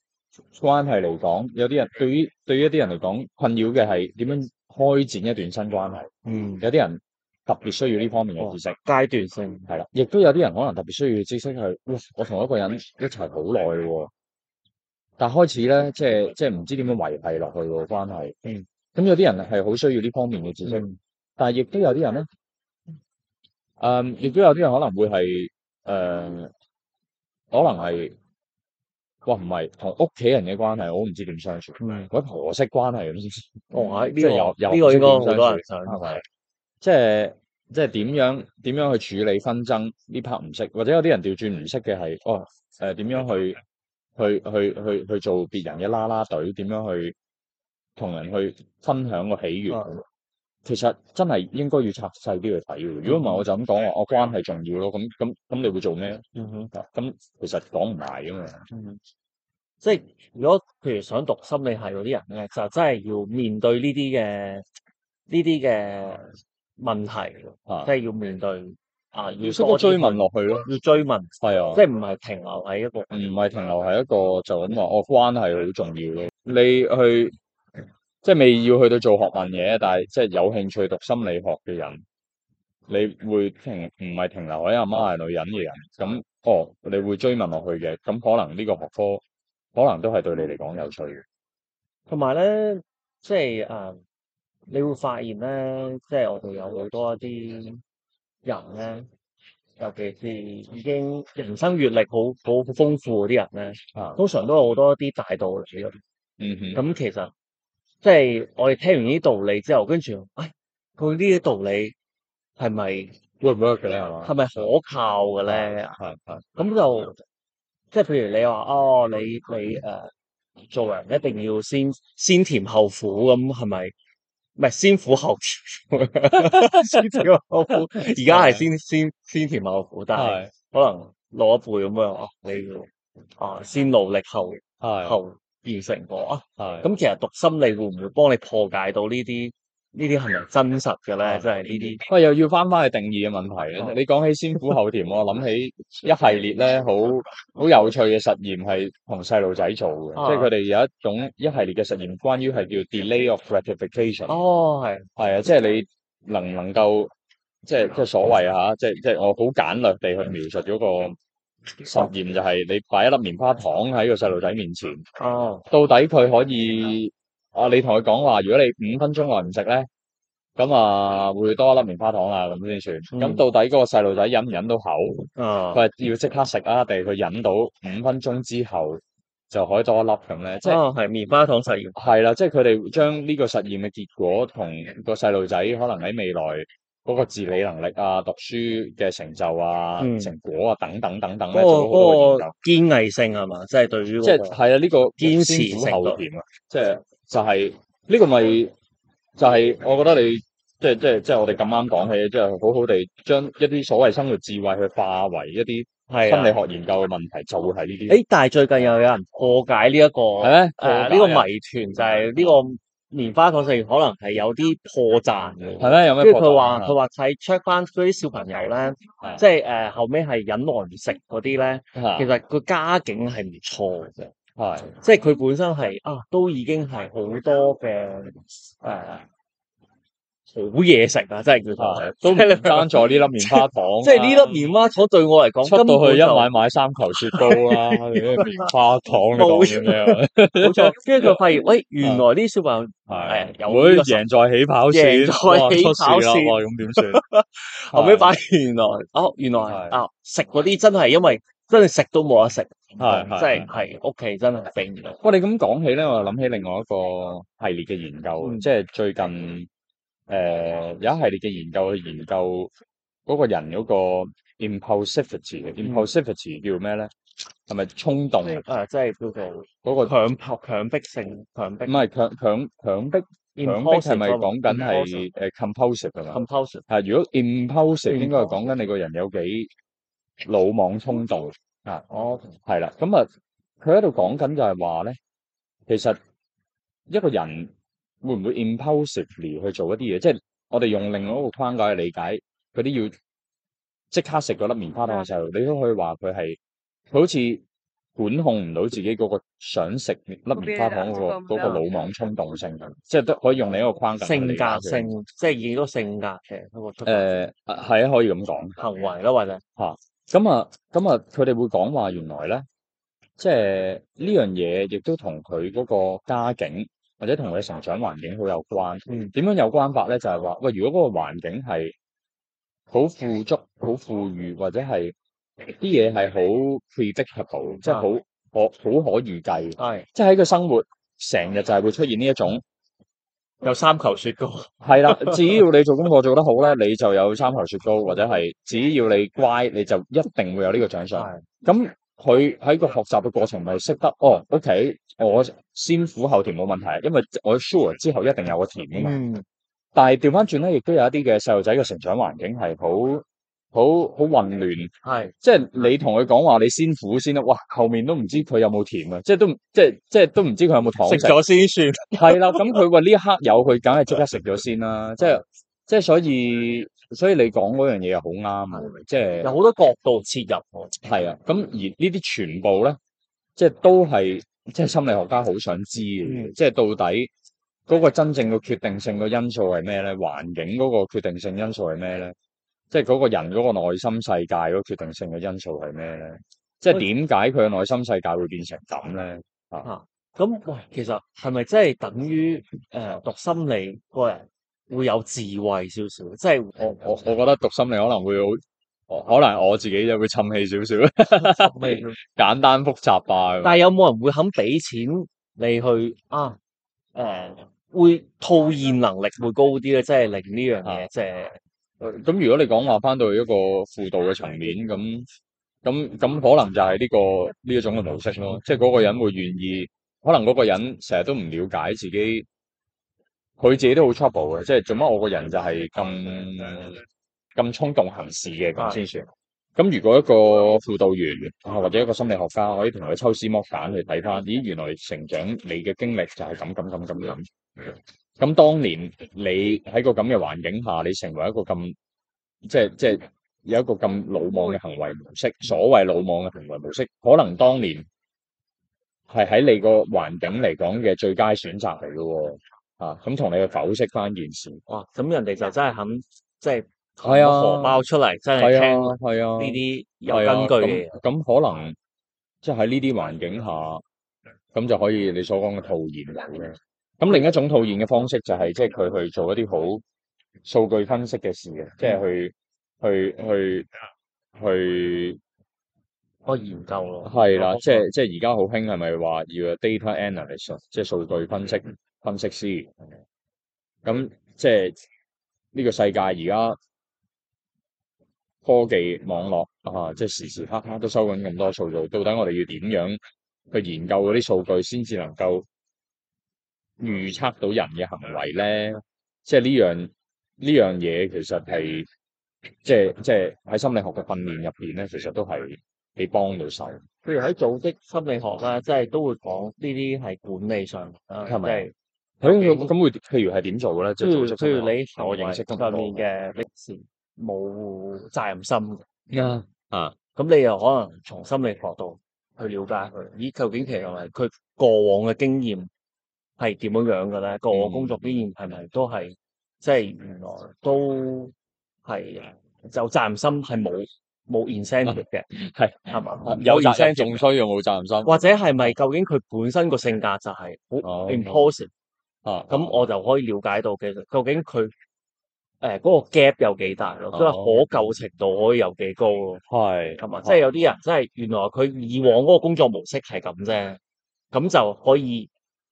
關係嚟講，有啲人對於對於一啲人嚟講困擾嘅係點樣開展一段新關係，嗯，有啲人特別需要呢方面嘅知識，階、哦、段性係啦，亦都有啲人可能特別需要知識係，哇，我同一個人一齊好耐喎，但開始咧，即係即係唔知點樣維繫落去個關係，咁、嗯、有啲人係好需要呢方面嘅知識。但係亦都有啲人咧，誒、嗯，亦都有啲人可能會係誒、呃，可能係，哇，唔係同屋企人嘅關係，我唔知點相處，嗰啲婆媳關係咁，先即係又又唔識點相處，係咪？即係即係點樣點樣去處理紛爭？呢 part 唔識，或者有啲人調轉唔識嘅係，哦，誒、呃、點樣去去去去去，去做別人嘅啦啦隊，點樣去同人去分享個喜悅？嗯其實真係應該要拆細啲去睇，如果唔係我就咁講話，我關係重要咯，咁咁咁你會做咩？嗯？嗯哼，咁其實講唔埋嘅嘛。嗯、即係如果譬如想讀心理系嗰啲人咧，就真係要面對呢啲嘅呢啲嘅問題，啊、即係要面對啊，要不斷追問落去咯，要追問係啊，即係唔係停留喺一個，唔係停留喺一個就咁話，我、哦、關係好重要咯，你去。即係未要去到做學問嘢，但係即係有興趣讀心理學嘅人，你會停唔係停留喺阿媽係女人嘅人咁哦，你會追問落去嘅，咁可能呢個學科可能都係對你嚟講有趣嘅。同埋咧，即係誒，uh, 你會發現咧，即係我哋有好多一啲人咧，尤其是已經人生閱歷好好豐富嗰啲人咧，通常都有好多一啲大道理咯。嗯哼，咁其實。即係我哋聽完呢啲道理之後，跟住，哎，佢呢啲道理係咪 work 唔得係嘛？係咪可靠嘅咧？係係。咁就對即係譬如你話哦，你你誒、呃，做人一定要先先甜後苦咁，係咪？唔係先苦後甜。而家係先 先對先，先甜後苦，但係對可能老一輩咁樣啊，你要啊先努力後對後。變成過啊，咁的、嗯、其實讀心理會唔會幫你破解到呢啲呢啲係咪真實嘅咧？即係呢啲，喂些又要翻翻去定義嘅問題咧。啊、你講起先苦後甜， 我諗起一系列咧好好有趣嘅實驗，係同細路仔做嘅，即係佢哋有一種一系列嘅實驗，關於係叫 delay of gratification。哦，係。係啊，即係你能唔能夠即係即係所謂嚇，即係即係我好簡略地去描述咗個。實驗就係你擺一粒棉花糖喺個細路仔面前，哦、到底佢可以的啊？你同佢講話，如果你五分鐘內唔食咧，咁啊會多一粒棉花糖啊，咁先算。咁、嗯、到底嗰個細路仔忍唔忍到口？佢係、哦、要即刻食啦，定係佢忍到五分鐘之後就可以多一粒咁咧？呢即係、哦，係棉花糖實驗係啦，即係佢哋將呢個實驗嘅結果同個細路仔可能喺未來。嗰個自理能力啊、讀書嘅成就啊、嗯、成果啊等等等等咧，嗰、那個、個,個堅毅性係嘛，即、就、係、是、對於即係係啊呢個堅持性點啊，即係就係、是、呢、這個咪就係、是就是、我覺得你即係即係即係我哋咁啱講起，即、就、係、是、好好地將一啲所謂生活智慧去化為一啲心理學研究嘅問題，啊、就會係呢啲誒。但係最近又有人破解呢、這、一個係咩？呢、啊這個謎團就係呢、這個。棉花糖食可能係有啲破，破綻，嘅，咩、啊？有咩？跟住佢話，佢話睇 check 翻嗰啲小朋友咧，的即係誒、呃、後尾係忍耐唔食嗰啲咧，的其實個家境係唔錯嘅，的的即係佢本身係啊都已經係好多嘅誒。呃好嘢食啊！真係佢都唔爭咗呢粒棉花糖，即係呢粒棉花糖對我嚟講，出到去一買買三球雪糕啦，棉花糖咁樣。冇錯，跟住佢發現，喂，原來啲小朋友係會贏在起跑線，贏在起跑線咁點算？後尾發現原來，哦，原來啊，食嗰啲真係因為真係食都冇得食，係即係係屋企真係冰。哇！你咁講起咧，我又諗起另外一個系列嘅研究，即係最近。誒、呃、有一系列嘅研究去研究嗰個人嗰個 impulsivity，impulsivity 叫咩咧？係咪衝動？誒，即係叫做嗰個強，強迫、強迫性、強迫。唔係強強強迫，強迫係咪講緊係誒 compulsive？compulsive 係如果 impulsivity 應該係講緊你個人有幾魯莽衝動啊？我係啦，咁、okay。啊，佢喺度講緊就係話咧，其實一個人。會唔會 impulsively 去做一啲嘢？即係我哋用另外一個框架去理解，佢哋要即刻食嗰粒棉花糖嘅時候，你都可以話佢係佢好似管控唔到自己嗰個想食粒棉花糖嗰個嗰個魯莽衝動性，即係都可以用另一個框架性格性，即係以多性格嘅嗰個誒係啊，可以咁講行為咯，或者吓咁啊咁啊，佢哋、啊啊、會講話原來咧，即係呢樣嘢亦都同佢嗰個家境。或者同佢成長環境好有關，點、嗯、樣有關法咧？就係、是、話，喂，如果嗰個環境係好富足、好富裕，或者係啲嘢係好 predictable，即係好可好可預計，係、嗯、即係喺個生活成日就係會出現呢一種有三球雪糕。係啦的， 只要你做功課做得好咧，你就有三球雪糕；或者係只要你乖，你就一定會有呢個獎賞。咁、嗯佢喺個學習嘅過程，咪識得哦？OK，我先苦後甜冇問題，因為我 sure 之後一定有個甜啊嘛。嗯、但係調翻轉咧，亦都有一啲嘅細路仔嘅成長環境係好好好混亂，係、嗯、即係你同佢講話你先苦先啦，哇！後面都唔知佢有冇甜啊，即係都即係即係都唔知佢有冇糖食咗先算。係 啦，咁佢話呢一刻有，佢梗係即刻食咗先啦，即係即係所以。所以你講嗰樣嘢好啱啊！即係是、就是、有好多角度切入，係啊。咁而呢啲全部咧，即、就、係、是、都係即係心理學家好想知嘅。即係、嗯、到底嗰個真正嘅決定性嘅因素係咩咧？環境嗰個決定性因素係咩咧？即係嗰個人嗰個內心世界嗰決定性嘅因素係咩咧？即係點解佢嘅內心世界會變成咁咧？咁、啊、喂，其實係咪真係等於誒、呃、讀心理個人？會有智慧少少，即係我我我覺得讀心理可能會好，可能我自己就會沉氣少少，嗯、 簡單複雜化。但係有冇人會肯俾錢你去啊？誒，會套現能力會高啲咧，即係令呢樣嘢即係是咁。嗯、如果你講話翻到一個輔導嘅層面，咁咁咁可能就係呢、呢個呢一種嘅模式咯。即係嗰個人會願意，可能嗰個人成日都唔了解自己。佢自己都好 trouble 嘅，即係做乜我個人就係咁咁衝動行事嘅咁先算。咁的如果一個輔導員啊或者一個心理學家可以同佢抽絲剝繭去睇翻，咦，原來成長你嘅經歷就係咁咁咁咁咁。咁當年你喺個咁嘅環境下，你成為一個咁即係即係有一個咁魯莽嘅行為模式。所謂魯莽嘅行為模式，可能當年係喺你個環境嚟講嘅最佳選擇嚟嘅喎。啊，咁同你去剖析翻件事。哇，咁人哋就真係肯，即係攞荷包出嚟，真係係啊，係啊，呢啲有根據嘅。咁、啊啊啊啊、可能即喺呢啲環境下，咁就可以你所講嘅套現。咁另一種套現嘅方式就係即係佢去做一啲好數據分析嘅事嘅，即、就、係、是、去、嗯、去去去研究咯。係啦、啊，即係即係而家好興係咪話要 data analysis，即係數據分析。嗯嗯分析師，咁即係呢個世界而家科技網絡啊，即係時時刻刻都收緊咁多數據，到底我哋要點樣去研究嗰啲數據，先至能夠預測到人嘅行為咧？即係呢樣呢樣嘢，其實係即係即係喺心理學嘅訓練入面咧，其實都係幾幫到手。譬如喺組織心理學啦，即係都會講呢啲係管理上係咪？是咁咁譬如係點做咧？即係譬如你我認識咁多年嘅歷史，冇責任心啊。啊啊！咁你又可能從心理角度去了解佢，咦？究竟其實係佢過往嘅經驗係點樣樣嘅咧？個工作經驗係咪都係、嗯、即係原來都係就責任心，係冇冇 resent 嘅，係係嘛？吧有 resent 仲需要冇責任心，或者係咪究竟佢本身個性格就係好 impulsive？啊！咁、啊、我就可以了解到其實究竟佢誒嗰個 gap 有幾大咯，即係可救程度可以有幾高咯。係同埋，即係、啊、有啲人，即、就、係、是、原來佢以往嗰個工作模式係咁啫，咁就可以誒、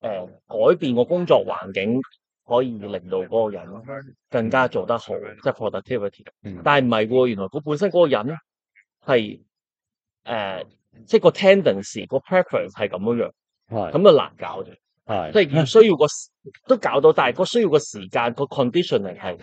呃、改變個工作環境，可以令到嗰個人更加做得好，即、就、係、是、productivity、嗯。但係唔係喎，原來佢本身嗰個人呢係誒即係個 tendency 個 preference 係咁樣、啊、樣，係咁就難搞嘅。係，即係唔需要個 都搞到，但係個需要個時間個 condition 係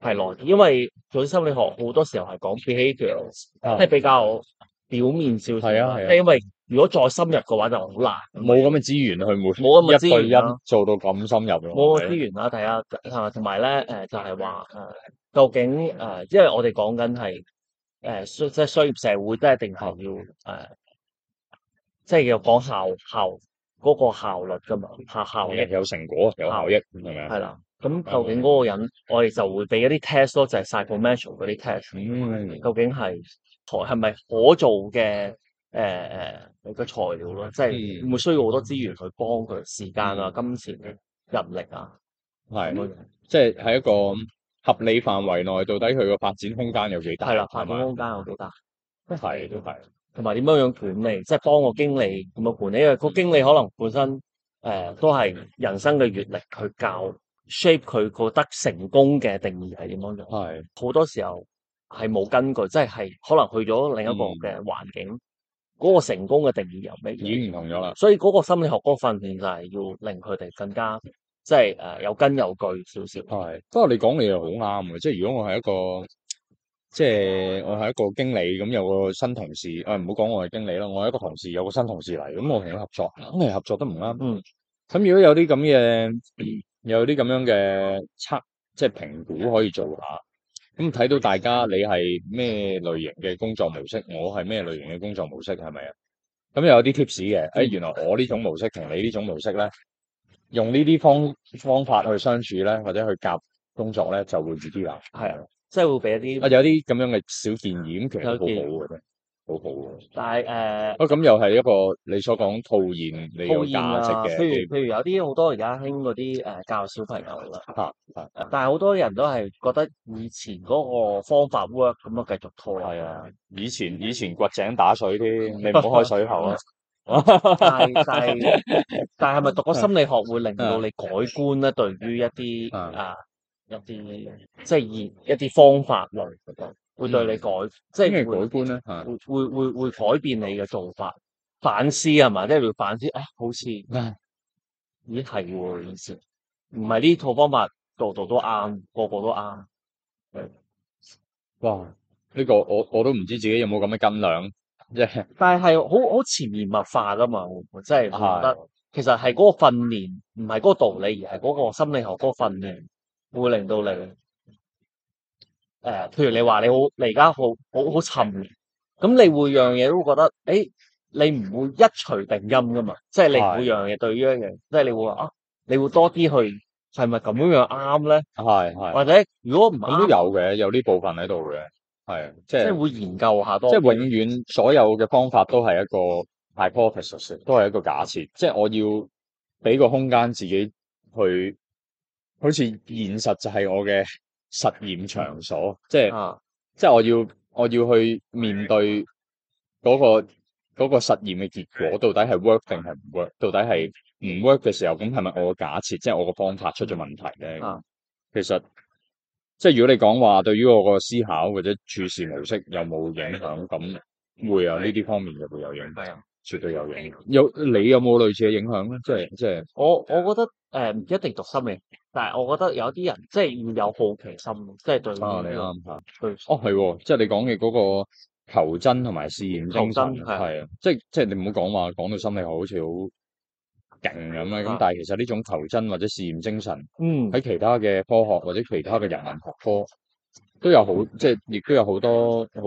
係耐，因為做心理學好多時候係講 behavior，即係的比較表面少啊，即係因為如果再深入嘅話就好難，冇咁嘅資源去冇冇咁嘅對因做到咁深入咯。冇咁嘅資源啦、啊，睇下同埋咧誒，就係話誒，究竟誒、呃，因為我哋講緊係誒，即係商業社會都係一定係要誒的、呃，即係要講效效。校嗰個效率噶嘛？效效益、嗯、有成果，有效益，係咪？係啦，咁、啊、吧究竟嗰個人，嗯、我哋就會俾一啲 test 咯，就係 psychometric 嗰啲 test，嗯、究竟係係咪可做嘅？誒你嘅材料咯，即係、嗯、會唔會需要好多資源去幫佢時間啊、金錢、嗯、人力啊？係的，即係喺一個合理範圍內，到底佢個發展空間有幾大？係啦，發展空間有幾大？係的，都係。同埋點樣樣管理，即、就、係、是、幫個經理咁樣管理，因為個經理可能本身誒、呃、都係人生嘅閱歷去教 shape 佢覺得成功嘅定義係點樣樣。係好是多時候係冇根據，即係可能去咗另一個嘅環境，嗰、嗯、個成功嘅定義又未已經唔同咗啦。所以嗰個心理學嗰個訓練就係要令佢哋更加即係誒、呃、有根有據少少。係，不過你講嘢又好啱嘅，嗯、即係如果我係一個。即係我係一個經理，咁有個新同事，誒唔好講我係經理啦，我係一個同事，有個新同事嚟，咁我哋都合作，梗係合作得唔啱。咁、嗯、如果有啲咁嘅，有啲咁樣嘅測，即係評估可以做下。咁睇到大家你係咩類型嘅工作模式，我係咩類型嘅工作模式係咪啊？咁又有啲 tips 嘅，誒、嗯哎、原來我呢種模式同你呢種模式咧，用呢啲方方法去相處咧，或者去夾工作咧，就會易啲啦。係啊。即係會俾一啲啊，有啲咁樣嘅小建議，咁其實都好好嘅，好好嘅。但係誒，哦咁又係一個你所講套現你個價值嘅。譬如譬如有啲好多而家興嗰啲誒教小朋友啦，但係好多人都係覺得以前嗰個方法喎，咁樣繼續拖。啊，以前以前掘井打水添，你唔好開水喉啊！但係但係係咪讀過心理學會令到你改觀咧？對於一啲啊。有啲即係以一啲、就是、方法嚟，會對你改，嗯、即係改觀啦，會會會會改變你嘅做法，反思係嘛，即係會反思啊、哎，好似、嗯、咦係喎唔係呢套方法度度都啱，個個都啱。哇，呢、這個我我都唔知自己有冇咁嘅斤兩即係。 但係係好好潛移默化㗎嘛，我真係覺得，的其實係嗰個訓練，唔係嗰個道理，而係嗰個心理學嗰個訓練。會令到你，誒、呃，譬如你話你好，你而家好好好沉，咁你會樣嘢都會覺得，誒，你唔會一錘定音噶嘛？即係你每樣嘢對呢樣，是即係你會話啊，你會多啲去係咪咁樣樣啱咧？係係，或者如果唔係，都有嘅，有呢部分喺度嘅，係、就是、即係會研究下多，即係永遠所有嘅方法都係一個 hypothesis，都係一個假設，即係、嗯、我要俾個空間自己去。好似現實就係我嘅實驗場所，即係、啊、即係我要我要去面對嗰個嗰個實驗嘅結果，到底係 work 定係唔 work？到底係唔 work 嘅時候，咁係咪我嘅假設，即係我嘅方法出咗問題咧？啊、其實即係如果你講話對於我個思考或者處事模式有冇影響，咁會啊呢啲方面就會有影響。絕對有影響，有，你有冇類似嘅影響咧？即係即係我，我覺得誒，呃，唔一定讀心理，但係我覺得有啲人即係有好奇心，即係對。啱啊，你啱吓對對、哦。對哦，係即係你講嘅嗰個求真同埋試驗精神係啊，即係即係你唔好講話講到心理學好似好勁咁啊！咁但係其實呢種求真或者試驗精神，嗯，喺其他嘅科學或者其他嘅人文學科都有好，即係亦都有好多好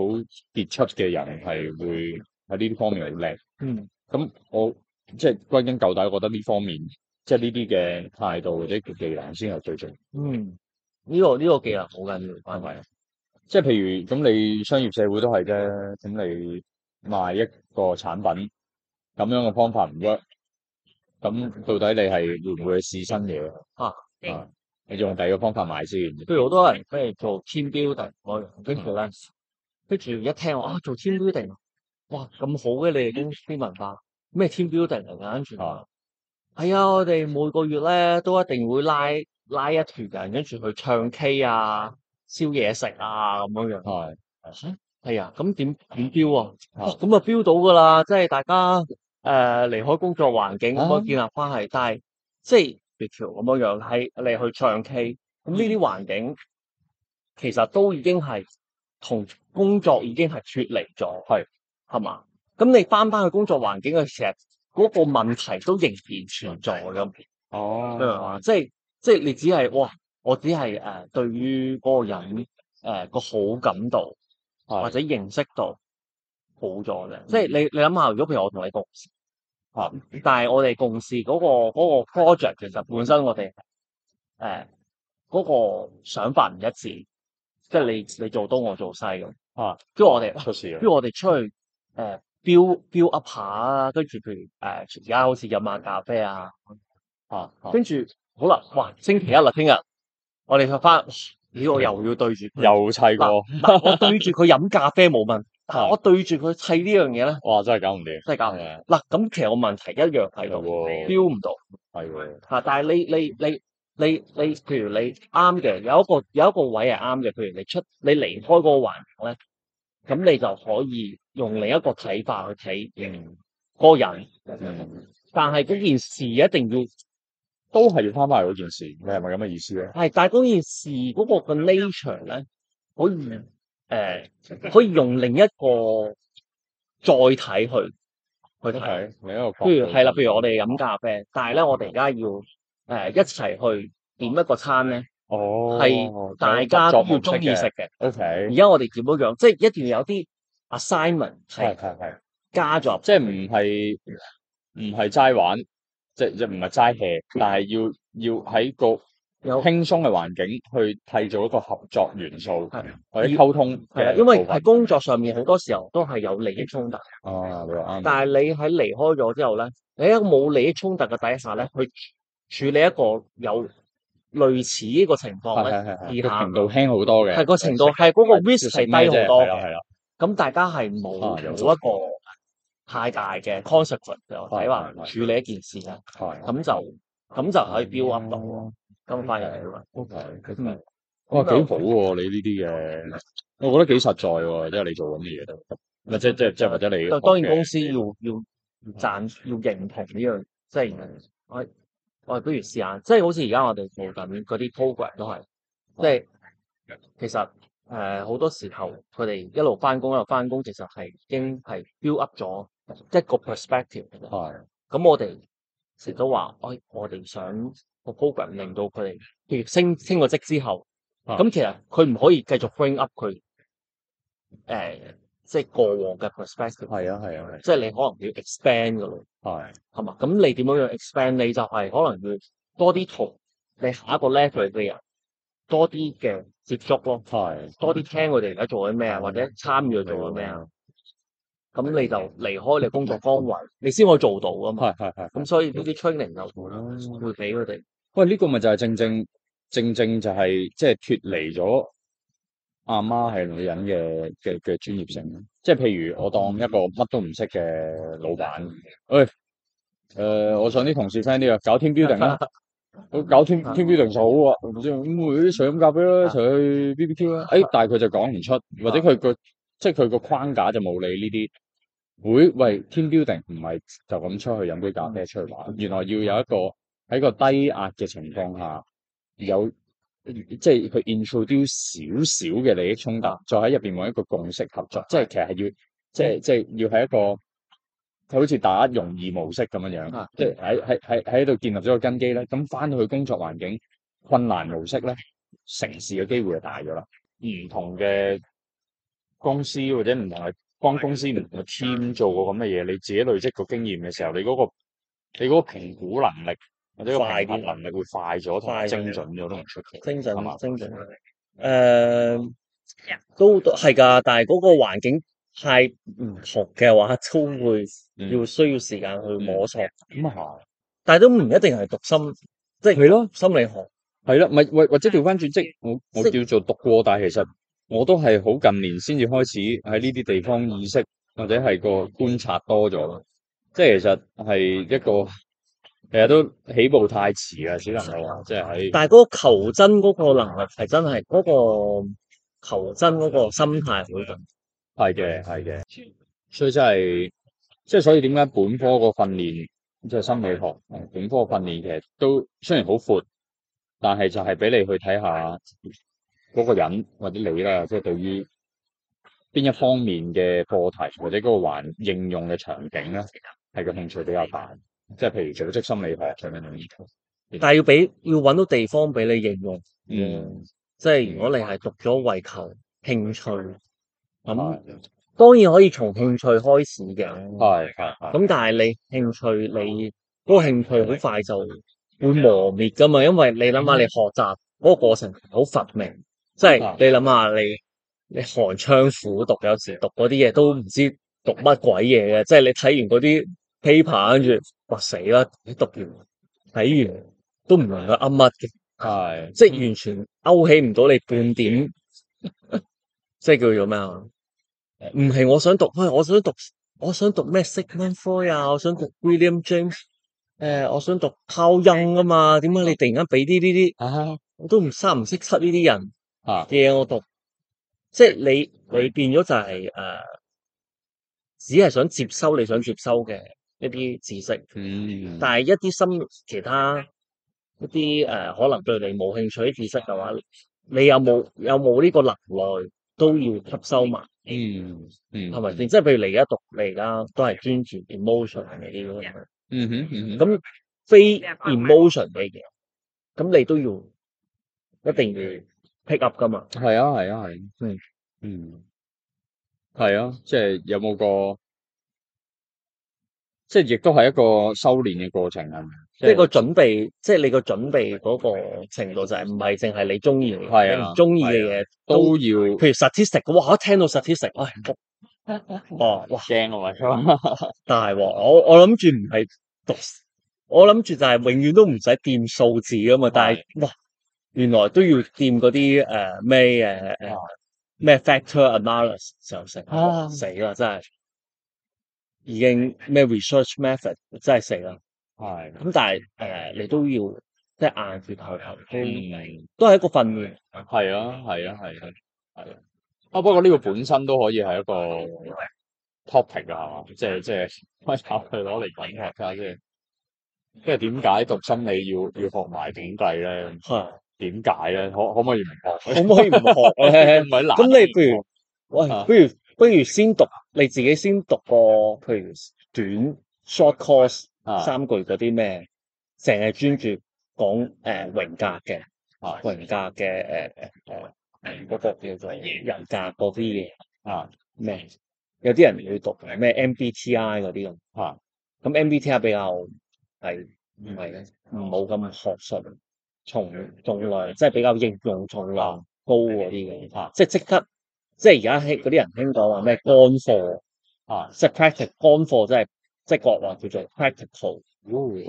傑出嘅人係會。呢啲方面好叻，嗯，咁我即係歸根究底，覺得呢方面即係呢啲嘅態度或者技能先係最，最重要。嗯，呢個呢個技能好緊要，關係。即係譬如咁，你商業社會都係啫，咁你賣一個產品咁樣嘅方法唔 work，咁到底你係會唔會去試新嘢？啊，你用第二個方法買先。譬如好多人即如做 team building，跟住咧，跟住一聽我啊，做 team building。哇，咁好嘅你哋公司文化，咩 team building 定人嘅安全啊？係啊、哎，我哋每個月咧都一定會拉拉一團人，跟住去唱 K 啊、燒嘢食啊咁樣樣。係，係啊，咁點點標啊？咁啊標、啊啊、到噶啦，即係大家誒離、呃、開工作環境咁、啊、以建立關係，但即係別條咁樣樣，係你去唱 K，咁呢啲環境、嗯、其實都已經係同工作已經係脫離咗。係。係嘛？咁你翻翻去工作環境嘅時候，嗰、那個問題都仍然存在咁。哦、啊，即係即係，你只係哇，我只係誒、呃，對於嗰個人誒、呃、個好感度或者認識度好咗嘅。的即係你你諗下，如果譬如我同你共事，啊、但係我哋共事嗰、那個嗰、那個 project 其實本身我哋誒嗰個想法唔一致，即係你你做東我做西咁。啊，跟住我哋出事啦，跟住我哋出去。誒，標標 up 下，跟住譬如誒，而、呃、家好似飲下咖啡啊，哦、啊，跟、啊、住好啦，哇，星期一啦，聽日，我哋去翻，咦，我又要對住，又砌過，嗱啦， 我對住佢飲咖啡冇問， 我對住佢砌呢樣嘢咧，哇，真係搞唔掂，真係搞唔掂，嗱的，咁其實我問題一樣係嘅，標唔的到，係喎的，但係你你你你你，你，譬如你啱嘅，有一個有一個位係啱嘅，譬如你出，你離開嗰個環境咧。咁你就可以用另一個睇法去睇個人，嗯嗯、但係嗰件事一定要都係要翻翻嚟嗰件事，你係咪咁嘅意思咧？係，但係嗰件事嗰個嘅 nature 咧，可以誒、呃，可以用另一個再睇去去睇另一個。譬、okay, 如係啦，譬了如我哋飲咖啡，嗯、但係咧，嗯、我哋而家要誒、呃、一齊去點一個餐咧。哦，係大家都要中意食嘅。OK，而家我哋點樣樣？即係一定要有啲 assignment，係係係加咗，即係唔係唔係齋玩，即係唔係齋吃，但係要要喺個輕鬆嘅環境去締造一個合作元素，或者溝通。係啊，因為喺工作上面好多時候都係有利益衝突。哦，但係你喺離開咗之後咧，你喺一個冇利益衝突嘅底下咧，去處理一個有。類似呢個情況咧，而個程度輕好多嘅，係個程度係嗰個 risk 係低好多嘅。咁大家係冇冇一個太大嘅 consequence 就喺話處理一件事啦。咁就咁就可以標音咯，咁翻入嚟咯。哇，幾好喎！你呢啲嘅，我覺得幾實在喎。即係你做緊咩嘢都，得，即係即即即或者你，當然公司要要讚要認同呢樣，即係我。我哋、哎、不如試下，即係好似而家我哋做緊嗰啲 program 都係，即係其實誒好、呃、多時候佢哋一路返工一路返工，其實係已經係 build up 咗一個 perspective 的。係。咁我哋成日都話，我我哋想個 program 令到佢哋譬如升升個職之後，咁的其實佢唔可以繼續 frame up 佢誒、呃、即係過往嘅 perspective。係啊係啊係即係你可能要 expand 噶咯。係，係嘛？咁你點樣樣 expand？你就係可能要多啲同你下一個 level 嘅人多啲嘅接觸咯。係，多啲聽佢哋而家做緊咩啊，或者參與做緊咩啊？咁你就離開你工作崗位，你先可以做到㗎嘛。係係係。咁所以呢啲 training 就會會俾佢哋。喂，呢、嗯，呢個咪就係正正正正就係即係脫離咗阿媽係女人嘅嘅嘅專業性。即係譬如我當一個乜都唔識嘅老闆，喂，誒、呃，我想啲同事 friend 啲去搞 team building 啦、啊，搞 team building 就好喎，唔、哎、知，咁咪咁咖啡啦，一齊去 BBQ 啦、啊。誒、哎，但係佢就講唔出，或者佢個即係佢個框架就冇理呢啲，會喂，喂 team building 唔係就咁出去飲杯咖啡出去玩，原來要有一個喺個低壓嘅情況下有。即係佢 introduce 少少嘅利益衝突，再喺入邊搵一個共識合作，即係其實係要，即係即係要喺一個，好似打容易模式咁樣樣，啊、即係喺喺喺喺度建立咗個根基咧。咁翻到去工作環境困難模式咧，成事嘅機會就大咗啦。唔同嘅公司或者唔同嘅幫公司唔的同嘅 team 做過咁嘅嘢，你自己累積個經驗嘅時候，你嗰、嗰個、你嗰個評估能力。或者快啲能力會快咗同精準咗，都唔出奇。精準啊，精準。誒，都係噶，但係嗰個環境係唔同嘅話，都會要需要時間去摸索。咁啊係，但係都唔一定係讀心，即係係咯心理學，係啦。咪或或者調翻轉即，我我叫做讀過，但係其實我都係好近年先至開始喺呢啲地方意識或者係個觀察多咗，即係其實係一個。其實都起步太遲啦，只能係話即係喺。就是、在但係嗰個求真嗰個能力係真係嗰、那個求真嗰個心態好重要。係嘅，係嘅。所以真係即係，就是、所以點解本科個訓練即係、就是、心理學本科個訓練其實都雖然好闊，但係就係俾你去睇下嗰個人或者你啦，即、就、係、是、對於邊一方面嘅課題或者嗰個環應用嘅場景咧，係個興趣比較大。即係譬如除咗即心理系上面嘅，但係要俾要搵到地方俾你應用。嗯，即係如果你係讀咗為求興趣，咁當然可以從興趣開始嘅。係係咁，但係你興趣，你嗰個興趣好快就會磨滅噶嘛？因為你諗下你學習嗰個過程好乏味，即係你諗下你你寒窗苦讀，有時讀嗰啲嘢都唔知讀乜鬼嘢嘅，即係你睇完嗰啲。paper 跟住，白死啦！你讀完睇完都唔明佢噏乜嘅，係、啊、的即係完全勾起唔到你半點，是的 即係叫做咩啊？唔係我想讀，我想讀，我想讀咩 Sigmund Freud 呀？我想讀 William James，誒，我想讀 Carl Jung 噶嘛？點解你突然間俾啲呢啲，我都唔三唔識七呢啲人嘅嘢、啊、我讀？即係你裏變咗就係、是、誒、呃，只係想接收你想接收嘅。一啲知識，但係一啲心其他一啲誒可能對你冇興趣啲知識嘅話，你有冇有冇呢個能耐都要吸收埋？嗯，係咪先？即係譬如你而家讀，你而家都係專注 emotion 嗰啲咯。嗯哼，咁非 emotion 嘅嘢，咁你都要一定要 pick up 噶嘛？係啊，係啊，係。嗯，係啊，即係有冇個？即係亦都係一個修煉嘅過程啊！即係個準備，即係你個準備嗰個程度就係唔係淨係你中意嘅嘢，你唔中意嘅嘢都要。譬如 statistics，哇！聽到 statistics，喂，哇，正啊嘛，但係我我諗住唔係讀，我諗住就係永遠都唔使掂數字啊嘛。但係哇，原來都要掂嗰啲誒咩誒咩 factor analysis 就成死啦，真係。已經咩 research method 真係死啦，係咁的但係是誒、呃、你都要即係硬住頭頭都唔明，都係一個訓練，係啊係啊係啊係啊，啊不過呢個本身都可以係一個 topic 啊，係嘛，即係即係咩啊去攞嚟講嘅，睇下先，即係點解讀心理要要學埋統計咧？係點解咧？可可唔可以唔學？ 可唔可以唔學唔係嗱。咁你譬如喂，不，不學如。啊不如先讀你自己先讀個譬如短 short course，啊、三句嗰啲咩，成日專注講誒榮格嘅，啊榮格嘅誒誒誒嗰個叫做人格嗰啲嘢啊咩？有啲人會讀咩 MBTI 嗰啲咁咁、啊、MBTI 比較係唔係唔好咁學術從重量，即係比較應用重量高嗰啲嘅，嗯、即係即刻。即係而家嗰啲人聽講話咩乾貨啊，啊即係 practical，乾貨真係即係國話叫做 practical。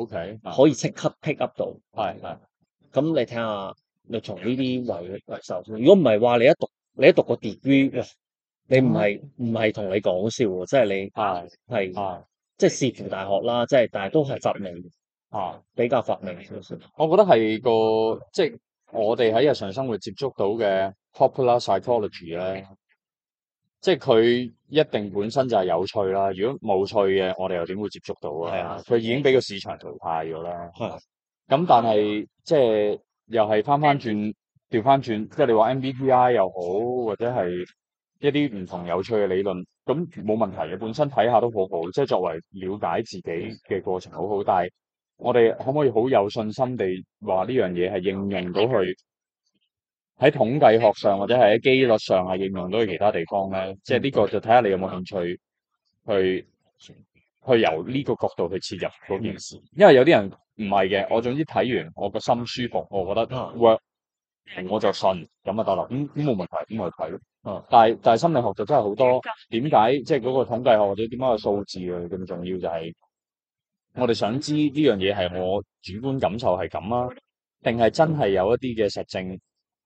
OK，可以即刻 pick up 到。咁你睇下，你從呢啲位入手。如果唔係話，你一讀 v，你一讀個 degree，你唔係唔係同你講笑喎，即係你係即係視乎大學啦，即係但係都係發明啊，比較發明。是是我覺得係個即係、就是、我哋喺日常生活接觸到嘅 popular psychology 咧。即係佢一定本身就係有趣啦。如果冇趣嘅，我哋又點會接觸到啊？啊，佢已經俾個市場淘汰咗啦。咁 但係即係又係翻翻轉調翻轉，即係你話 MBTI 又好，或者係一啲唔同有趣嘅理論，咁冇問題嘅。本身睇下都好好，即係作為了解自己嘅過程好好。但係我哋可唔可以好有信心地話呢樣嘢係應用到去？喺統計學上，或者係喺幾率上啊，應用到其他地方咧，即係呢個就睇下你有冇興趣去去由呢個角度去切入嗰件事。因為有啲人唔係嘅，我總之睇完我個心舒服，我覺得 work，我就信咁就得啦。咁咁冇問題，咁咪睇咯。但係但係心理學就真係好多點解，即係嗰個統計學或者點解個數字啊，咁重要就係、係、我哋想知呢樣嘢係我主觀感受係咁啊，定係真係有一啲嘅實證？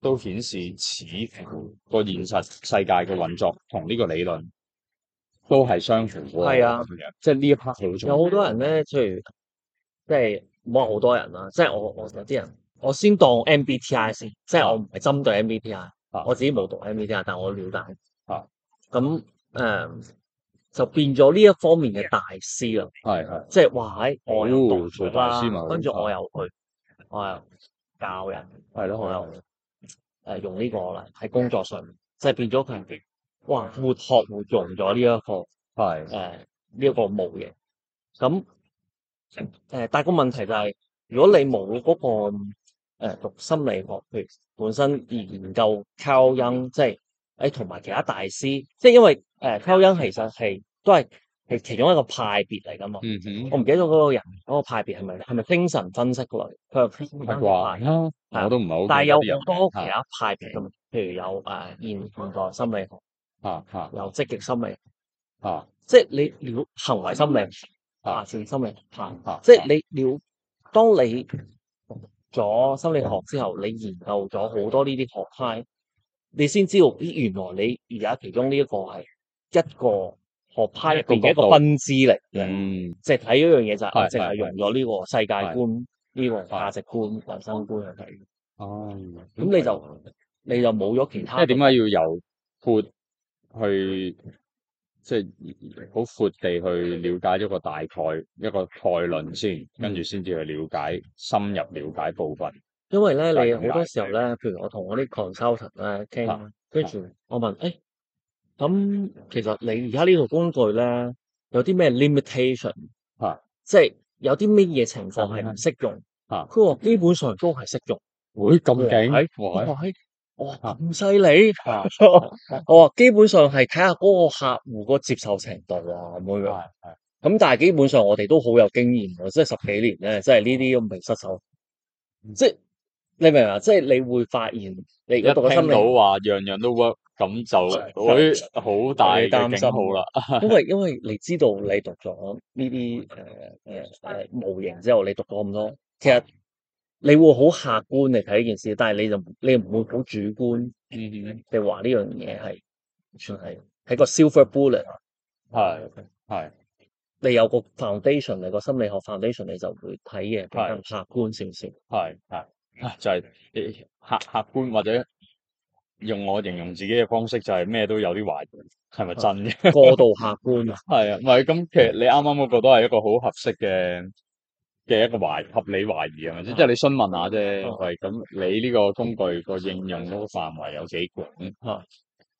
都顯示似乎個現實世界嘅運作同呢個理論都係相符嘅，係啊，即係呢一 part 有好多人咧，譬如即係唔好話好多人啦，即係我我有啲人，我先當 MBTI 先，即係我唔係針對 MBTI，我自己冇讀 MBTI，但係我了解啊，咁誒就變咗呢一方面嘅大師啦，係係，即係話喺我度做大師嘛，跟住我又去，我又教人，係咯，我誒用呢個啦，喺工作上面，即係變咗佢，哇！活學活用咗呢一個，係誒呢一個模型。咁誒、呃，但係個問題就係、是，如果你冇嗰、那個誒、呃、讀心理學，譬如本身研究溝音，即係誒同埋其他大師，即係因為誒溝音其實係都係。係其中一個派別嚟噶嘛？我唔記得咗嗰個人嗰個派別係咪係咪精神分析類？佢話係啩？係我都唔係好，但係有好多其他派別噶，譬如有誒現代心理學啊，有積極心理學啊，即係你了行為心理學啊，性心理學即係你了。當你讀咗心理學之後，你研究咗好多呢啲學派，你先知道咦？原來你而家其中呢一個係一個。學派入邊嘅一個分支嚟嘅，嗯，即係睇一樣嘢就，淨係用咗呢個世界觀、呢個價值觀、人生是觀去睇。哦、啊，咁你就你就冇咗其他。即係點解要由闊去，即係好闊地去了解一個大概，一個概論先，跟住先至去了解深入了解部分。因為咧，概你好多時候咧，譬如我同我啲 consultant 咧、啊、傾，跟住是我問誒。的咁其實你而家呢套工具咧，有啲咩 limitation？的即係有啲乜嘢情況係唔適用？嚇的，佢話基本上都係適用。喂的，咁勁？哇！哇！咁犀利！我話基本上係睇下嗰個客戶個接受程度啊咁樣。咁 但係基本上我哋都好有經驗即係十幾年咧，真係呢啲都未失手。嗯、即係你明唔明啊？即係你會發現，你而家讀個心理話，樣樣都 work。咁就佢好大擔心好啦，因為因為你知道你讀咗呢啲誒誒模型之後，你讀咗咁多，其實你會好客觀嚟睇呢件事，但係你就你唔會好主觀說，你話呢樣嘢係算係係個 silver bullet，係係、mm hmm. mm hmm. 你有個 foundation，你個心理學 foundation，你就會睇嘢更加客觀性成，係係是就係、是欸、客客觀或者。用我形容自己嘅方式就係咩都有啲懷疑，係咪真嘅？過度、啊、客觀啊！係啊， 唔係咁其實你啱啱嗰個都係一個好合適嘅嘅一個懷合理懷疑係咪啊，即係你詢問下啫。係咁、啊，你呢個工具個應用嗰個範圍有幾廣？啊，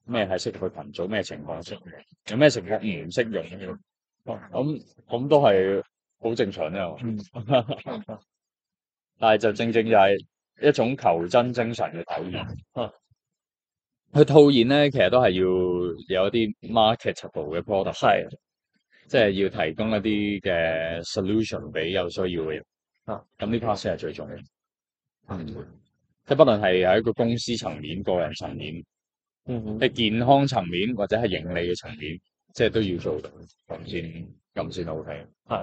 咩係適去群組？咩情況適有咩情況唔適用？咁咁、啊、都係好正常啫。喎、啊。啊、但係就正正就係一種求真精神嘅體現。佢套現咧，其實都係要有一啲 marketable 嘅 product，係，即係要提供一啲嘅 solution 俾有需要嘅人。啊，咁呢 part 先係最重要，嗯即係，不論係喺一個公司層面、個人層面，嗯哼，健康層面或者係盈利嘅層面，即係都要做到，咁先咁先好睇。啊